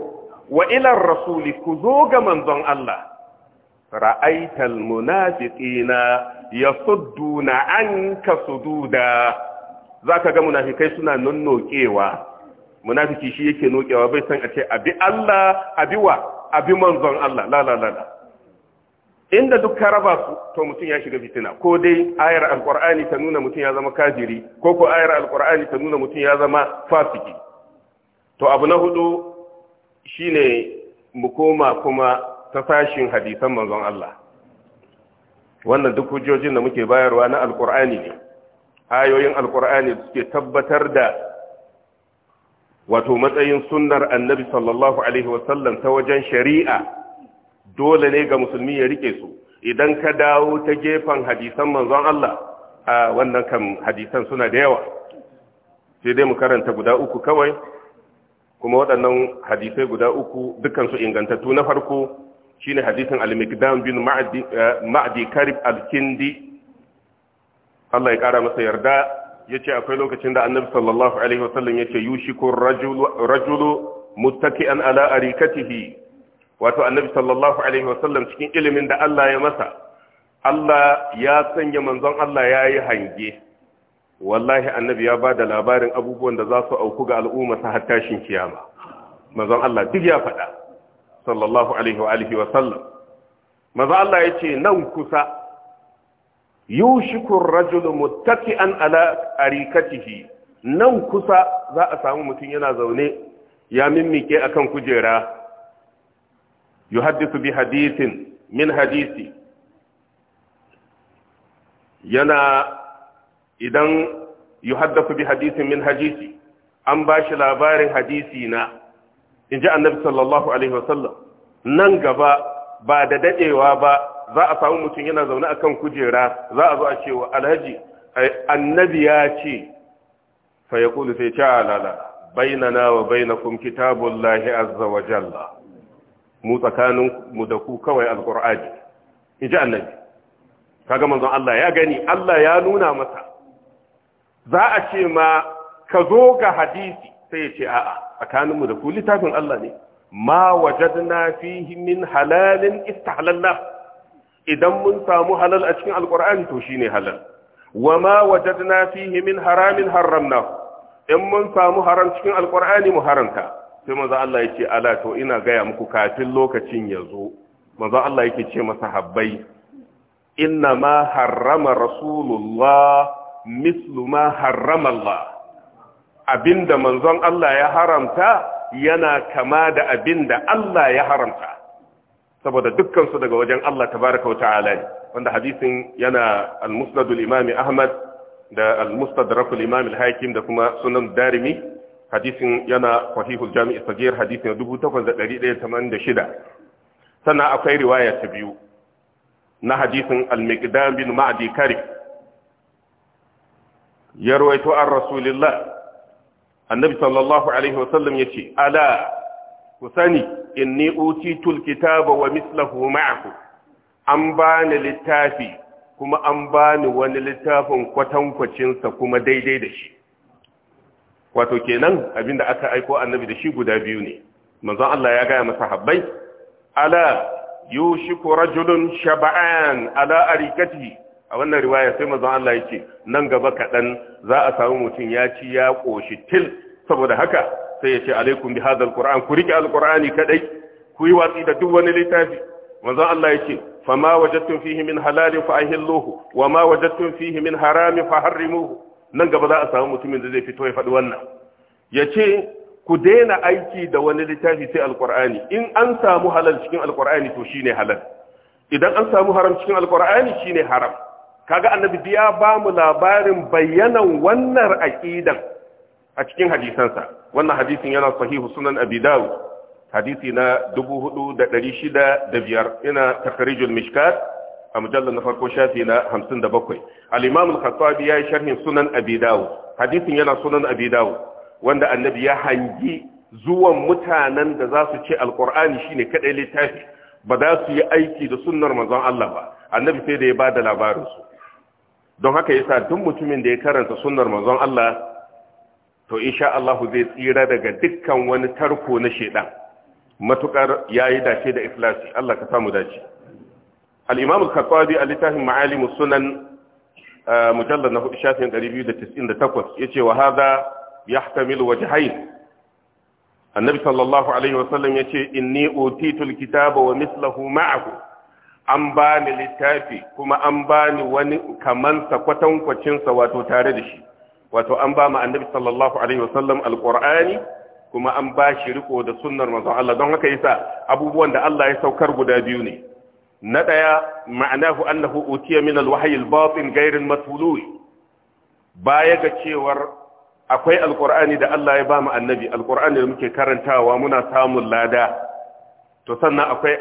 wa ila ar-rasul ku zo ga manzon Allah ra'aital munafiqina Ya an ka yasudduna anka za ka ga munafikai suna nokewa munafiki shi yake nokewa bai san a ce abi Allah wa abi manzon Allah la la la inda duk ka raba su to mutum ya shiga fitina ko dai ayar alqur'ani ta nuna mutum ya zama kafiri ko ko ayar alqur'ani ta nuna mutum ya zama fasiki to abu na hudu shine mu koma kuma ta fashin hadisan manzon Allah wannan duk hujjojin da muke bayarwa na alkur'ani ne ayoyin alkur'ani suke tabbatar da wato matsayin sunnar annabi sallallahu alaihi wasallam ta wajen shari'a dole ne ga musulmi ya rike su idan ka dawo ta gefen hadisan manzon Allah a wannan kan hadisan suna da yawa sai dai mu karanta guda uku kawai kuma waɗannan hadisai guda uku dukansu ingantattu na farko shine hadisin al-miqdam bin ma'adi eh, karib al-kindi Allah ya kara masa yarda yace akwai lokacin da annabi sallallahu alaihi wasallam yace yushiku rajulu rajulu muttaki'an ala arikatihi wato annabi sallallahu alaihi wasallam cikin ilimin da Allah ya masa Allah ya sanya manzon Allah yayi hange wallahi annabi ya bada labarin abubuwan da za su auku ga al'umma sa har tashin kiyama manzon Allah duk ya faɗa sallallahu alaihi wa alihi wa sallam maza Allah ya ce nan kusa yushiku rajulu muttaki'an ala arikatihi nan kusa za a samu mutum yana zaune ya mimmike akan kujera yuhaddisu bi hadithin min hadisi yana idan yuhaddasu bi hadisin min hadisi an ba shi labarin hadisi na in ji annabi sallallahu alaihi wasallam nan gaba ba da dadewa ba za a samu mutum yana zaune akan kujera za a zo a ce wa alhaji annabi ya ce fa yaqulu sai ta alala ah, bainana wa bainakum kitabullahi azza wa jalla mu tsakanin mu da ku kawai alqur'ani in ji annabi kaga manzon Allah ya gani Allah ya nuna masa za a ce ma ka zo ga hadisi sai ya ce a'a tsakaninmu da ku littafin Allah ne ma wajadna fihi min halalin istahlalna idan mun samu halal a cikin alqur'ani to shine halal Wa wama wajadna fihi min haramin haramna in mun samu haram cikin alqur'ani mu haramta sai manzo Allah yace ala to ina gaya muku kafin lokacin ya zo manzo Allah yake ce masa habbai inna ma harrama rasulullah mislu ma harrama Allah abinda manzon Allah ya haramta yana kama da abin da Allah ya haramta saboda dukkansu daga wajen Allah tabaraka wa ta'ala ne wanda hadisin yana al-musnad al Ahmad da al-mustadrak al al-hakim da kuma sunan darimi hadisin yana sahihul jami' as-saghir hadisin 8186 sannan akwai riwaya ta biyu na hadisin al-miqdam bin ma'di ya rawaito an rasulillah annabi sallallahu alaihi wasallam yace ala ku sani ni utitul kitaba wa mislahu ma'ahu an bani littafi kuma an bani wani littafin kwatankwacinsa kuma daidai da shi wato kenan abinda aka aiko annabi da shi guda biyu ne manzon Allah ya gaya masa habbai ala yushiku rajulun shaba'an ala arikatihi a wannan riwaya sai mazan Allah ya ce nan gaba kaɗan za a samu mutum ya ci ya ƙoshi til saboda haka sai ya ce alaikum bi hadal qur'an ku rike alqur'ani kadai ku yi watsi da duk wani littafi manzon Allah ya ce fama wajadtum fihi min halalin fa ahilluhu wama wajadtum fihi min haramin fa harrimuhu nan gaba za a samu mutumin da zai fito ya faɗi wannan ya ce ku daina aiki da wani littafi sai alqur'ani in an samu halal cikin alqur'ani to shine halal idan an samu haram cikin alqur'ani shine haram kaga annabi ya ba mu labarin bayanan wannan aqidan a cikin hadisansa wannan hadisin yana sahihu sunan abi dawud hadisi na 4605 ina takrijul mishkat a mujallar na farko shafi na 57 al-imam al-khattabi ya yi sharhin sunan abi dawud hadisin yana sunan abi dawud wanda annabi ya hangi zuwan mutanen da za su ce alkur'ani shine kadai littafi ba za su yi aiki da sunnar manzon Allah ba annabi sai da ya ba labarin su don haka ya sa duk mutumin da ya karanta sunar manzon Allah to insha Allah zai tsira daga dukkan wani tarko na shedan matukar yayi dace da ikhlasi Allah ka samu dace al-imam al-khattabi a littafin ma'alim sunan uh, mujallad na 1298 yace wa hadha yahtamilu wajhayn annabi sallallahu alaihi wasallam yace inni utitul kitaba wa mithluhu ma'ahu an ba ni littafi kuma an ba ni wani kamansa kwatankwacinsa wato tare da shi wato an ba mu annabi sallallahu alaihi wasallam alqur'ani kuma an ba shi riko da sunnar manzon Allah don haka yasa abubuwan da Allah ya saukar guda biyu ne na daya ma'anahu annahu utiya min alwahyi albatin ghayr almatlui baya ga cewar akwai alqur'ani da Allah ya ba mu annabi alqur'ani da muke karantawa muna samun lada to sannan akwai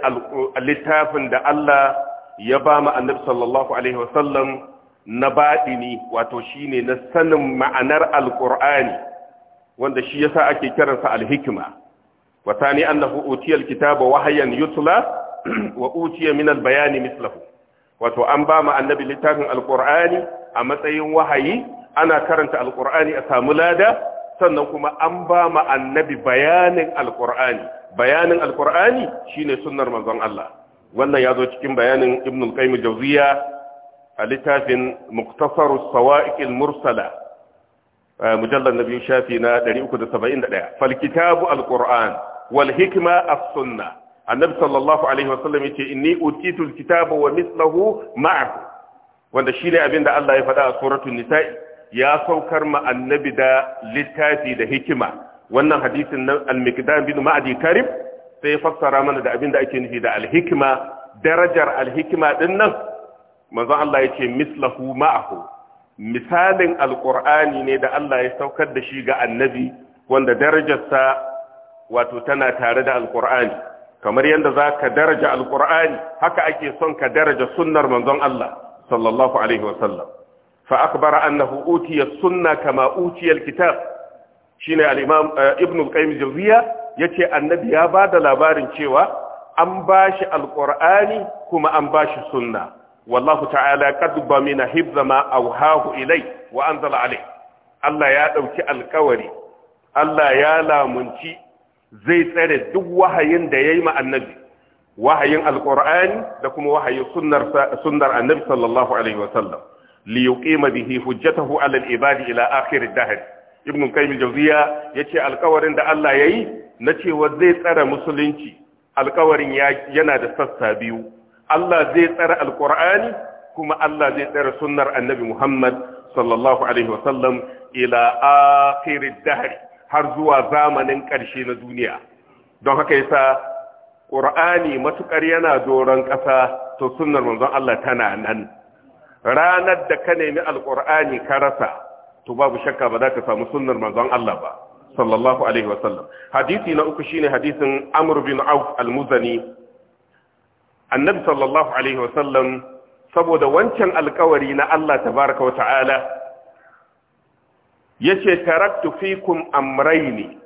littafin da Allah ya ba mu annabi sallallahu alaihi wasallam na ne wato ne na sanin ma'anar alƙur'ani wanda shi yasa ake kiransa alhikma wa tani annahu utiya alkitaba wahyan yutla wa utiya min albayani mislahu wato an ba mu annabi littafin alqur'ani a matsayin wahayi ana karanta alqur'ani a samu lada sannan kuma an ba mu annabi bayanin alqur'ani bayanin alkur'ani shine sunnar manzon Allah wannan ya zo cikin bayanin ibn al-qayyim jawziya a littafin muktasar sawa'iq al-mursala eh, mujallal nabi shafi na 371 fal kitabu al-qur'an wal hikma as sunna annabi sallallahu alaihi wasallam yace inni utitul kitaba wa mithluhu ma'ahu wanda shine abinda Allah ya faɗa a suratul nisa'i ya saukar ma annabi da littafi da hikima wannan hadisin nan al-miqdam bin ma'adi karib sai ya fassara mana da abin da ake nufi da al-hikma darajar al-hikma din nan manzon Allah yace mislahu ma'ahu misalin al-qur'ani ne da Allah ya saukar da shi ga annabi wanda darajarsa wato tana tare da al-qur'ani kamar yadda zaka daraja al-qur'ani haka ake son ka daraja sunnar manzon Allah sallallahu alaihi sallam, fa akhbara annahu utiya sunna kama utiya al-kitab shine al-imam eh, ibn al-qayyim jawziya yace annabi ya bada labarin cewa an bashi alqur'ani kuma an bashi sunna wallahu ta'ala qad bamina hibza ma awhahu ilai wa anzala alai Allah ya dauki alkawari Allah ya lamunci zai tsare duk wahayin da yayi ma annabi wahayin alqur'ani da kuma wahayin sunnar sunnar annabi sallallahu alaihi wa sallam li yuqima bihi hujjatahu ala al-ibadi ila akhir ad-dahr ibn qayyim jawziya yace alkawarin da Allah yayi na cewa zai tsara musulunci alkawarin yana da sassa biyu Allah zai tsara alqur'ani kuma Allah zai tsara sunnar annabi Muhammad sallallahu alaihi wa sallam ila akhir dahr har zuwa zamanin ƙarshe na duniya don haka yasa qur'ani matukar yana doron ƙasa to sunnar manzon Allah tana nan ranar da ka nemi alqur'ani ka rasa to babu shakka ba za ka samu sunnar manzon Allah ba sallallahu alaihi wa sallam hadisi na uku shine hadisin Amr bin Auf al-Muzani annabi sallallahu alaihi wa sallam saboda wancan alkawari na Allah tabaraka wa ta'ala yace taraktu fikum amrayni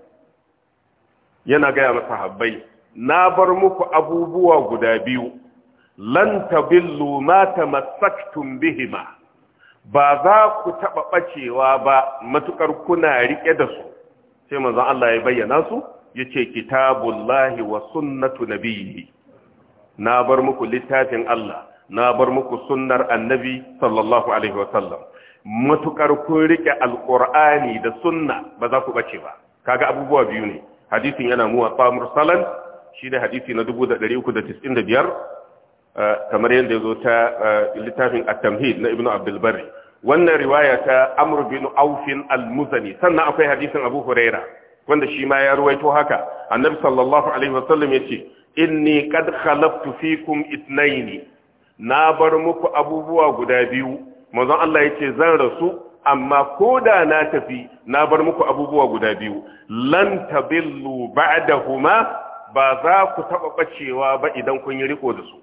yana gaya masa habbai na bar muku abubuwa guda biyu lan tabillu ma tamassaktum bihima ba za ku taɓa ɓacewa ba matuƙar kuna riƙe da su sai manzon Allah ya bayyana su ya ce kitabullahi wa sunnatu nabiyyi na bar muku littafin Allah na bar muku sunnar annabi sallallahu alaihi wasallam Matuƙar kun rike alqur'ani da sunna ba za ku bace ba kaga abubuwa biyu ne hadisin yana muwatta mursalan shine hadisi na biyar. Eh, kamar yadda ya zo ta eh, littafin at-tamhid na ibnu abdul Bari. wannan riwaya ta amr bin aufin al-muzani sannan akwai hadisin abu huraira wanda shi ma ya ruwaito haka annabi sallallahu alaihi wasallam yace inni qad khalaftu fikum itnaini na bar muku abubuwa guda biyu manzon Allah yace zan rasu amma koda na tafi na bar muku abubuwa guda biyu lan tabillu ba'dahuma ba za ku taba bacewa ba idan kun yi riko da su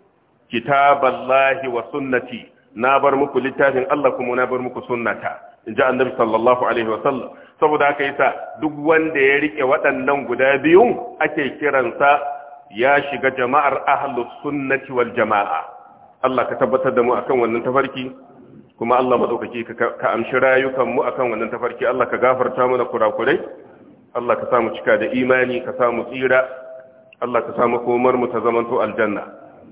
kitaballahi wa sunnati na bar muku littafin Allah kuma na bar muku sunnata in ji annabi sallallahu alaihi wa sallam saboda haka yasa duk wanda ya rike waɗannan guda biyun ake kiransa ya shiga jama'ar ahlus sunnati wal jama'a Allah ka tabbatar da mu akan wannan tafarki kuma Allah madaukaki ka amshi rayukan mu akan wannan tafarki Allah ka gafarta mana kurakurai Allah ka samu cika da imani ka samu tsira Allah ka samu komar mu ta zamanto aljanna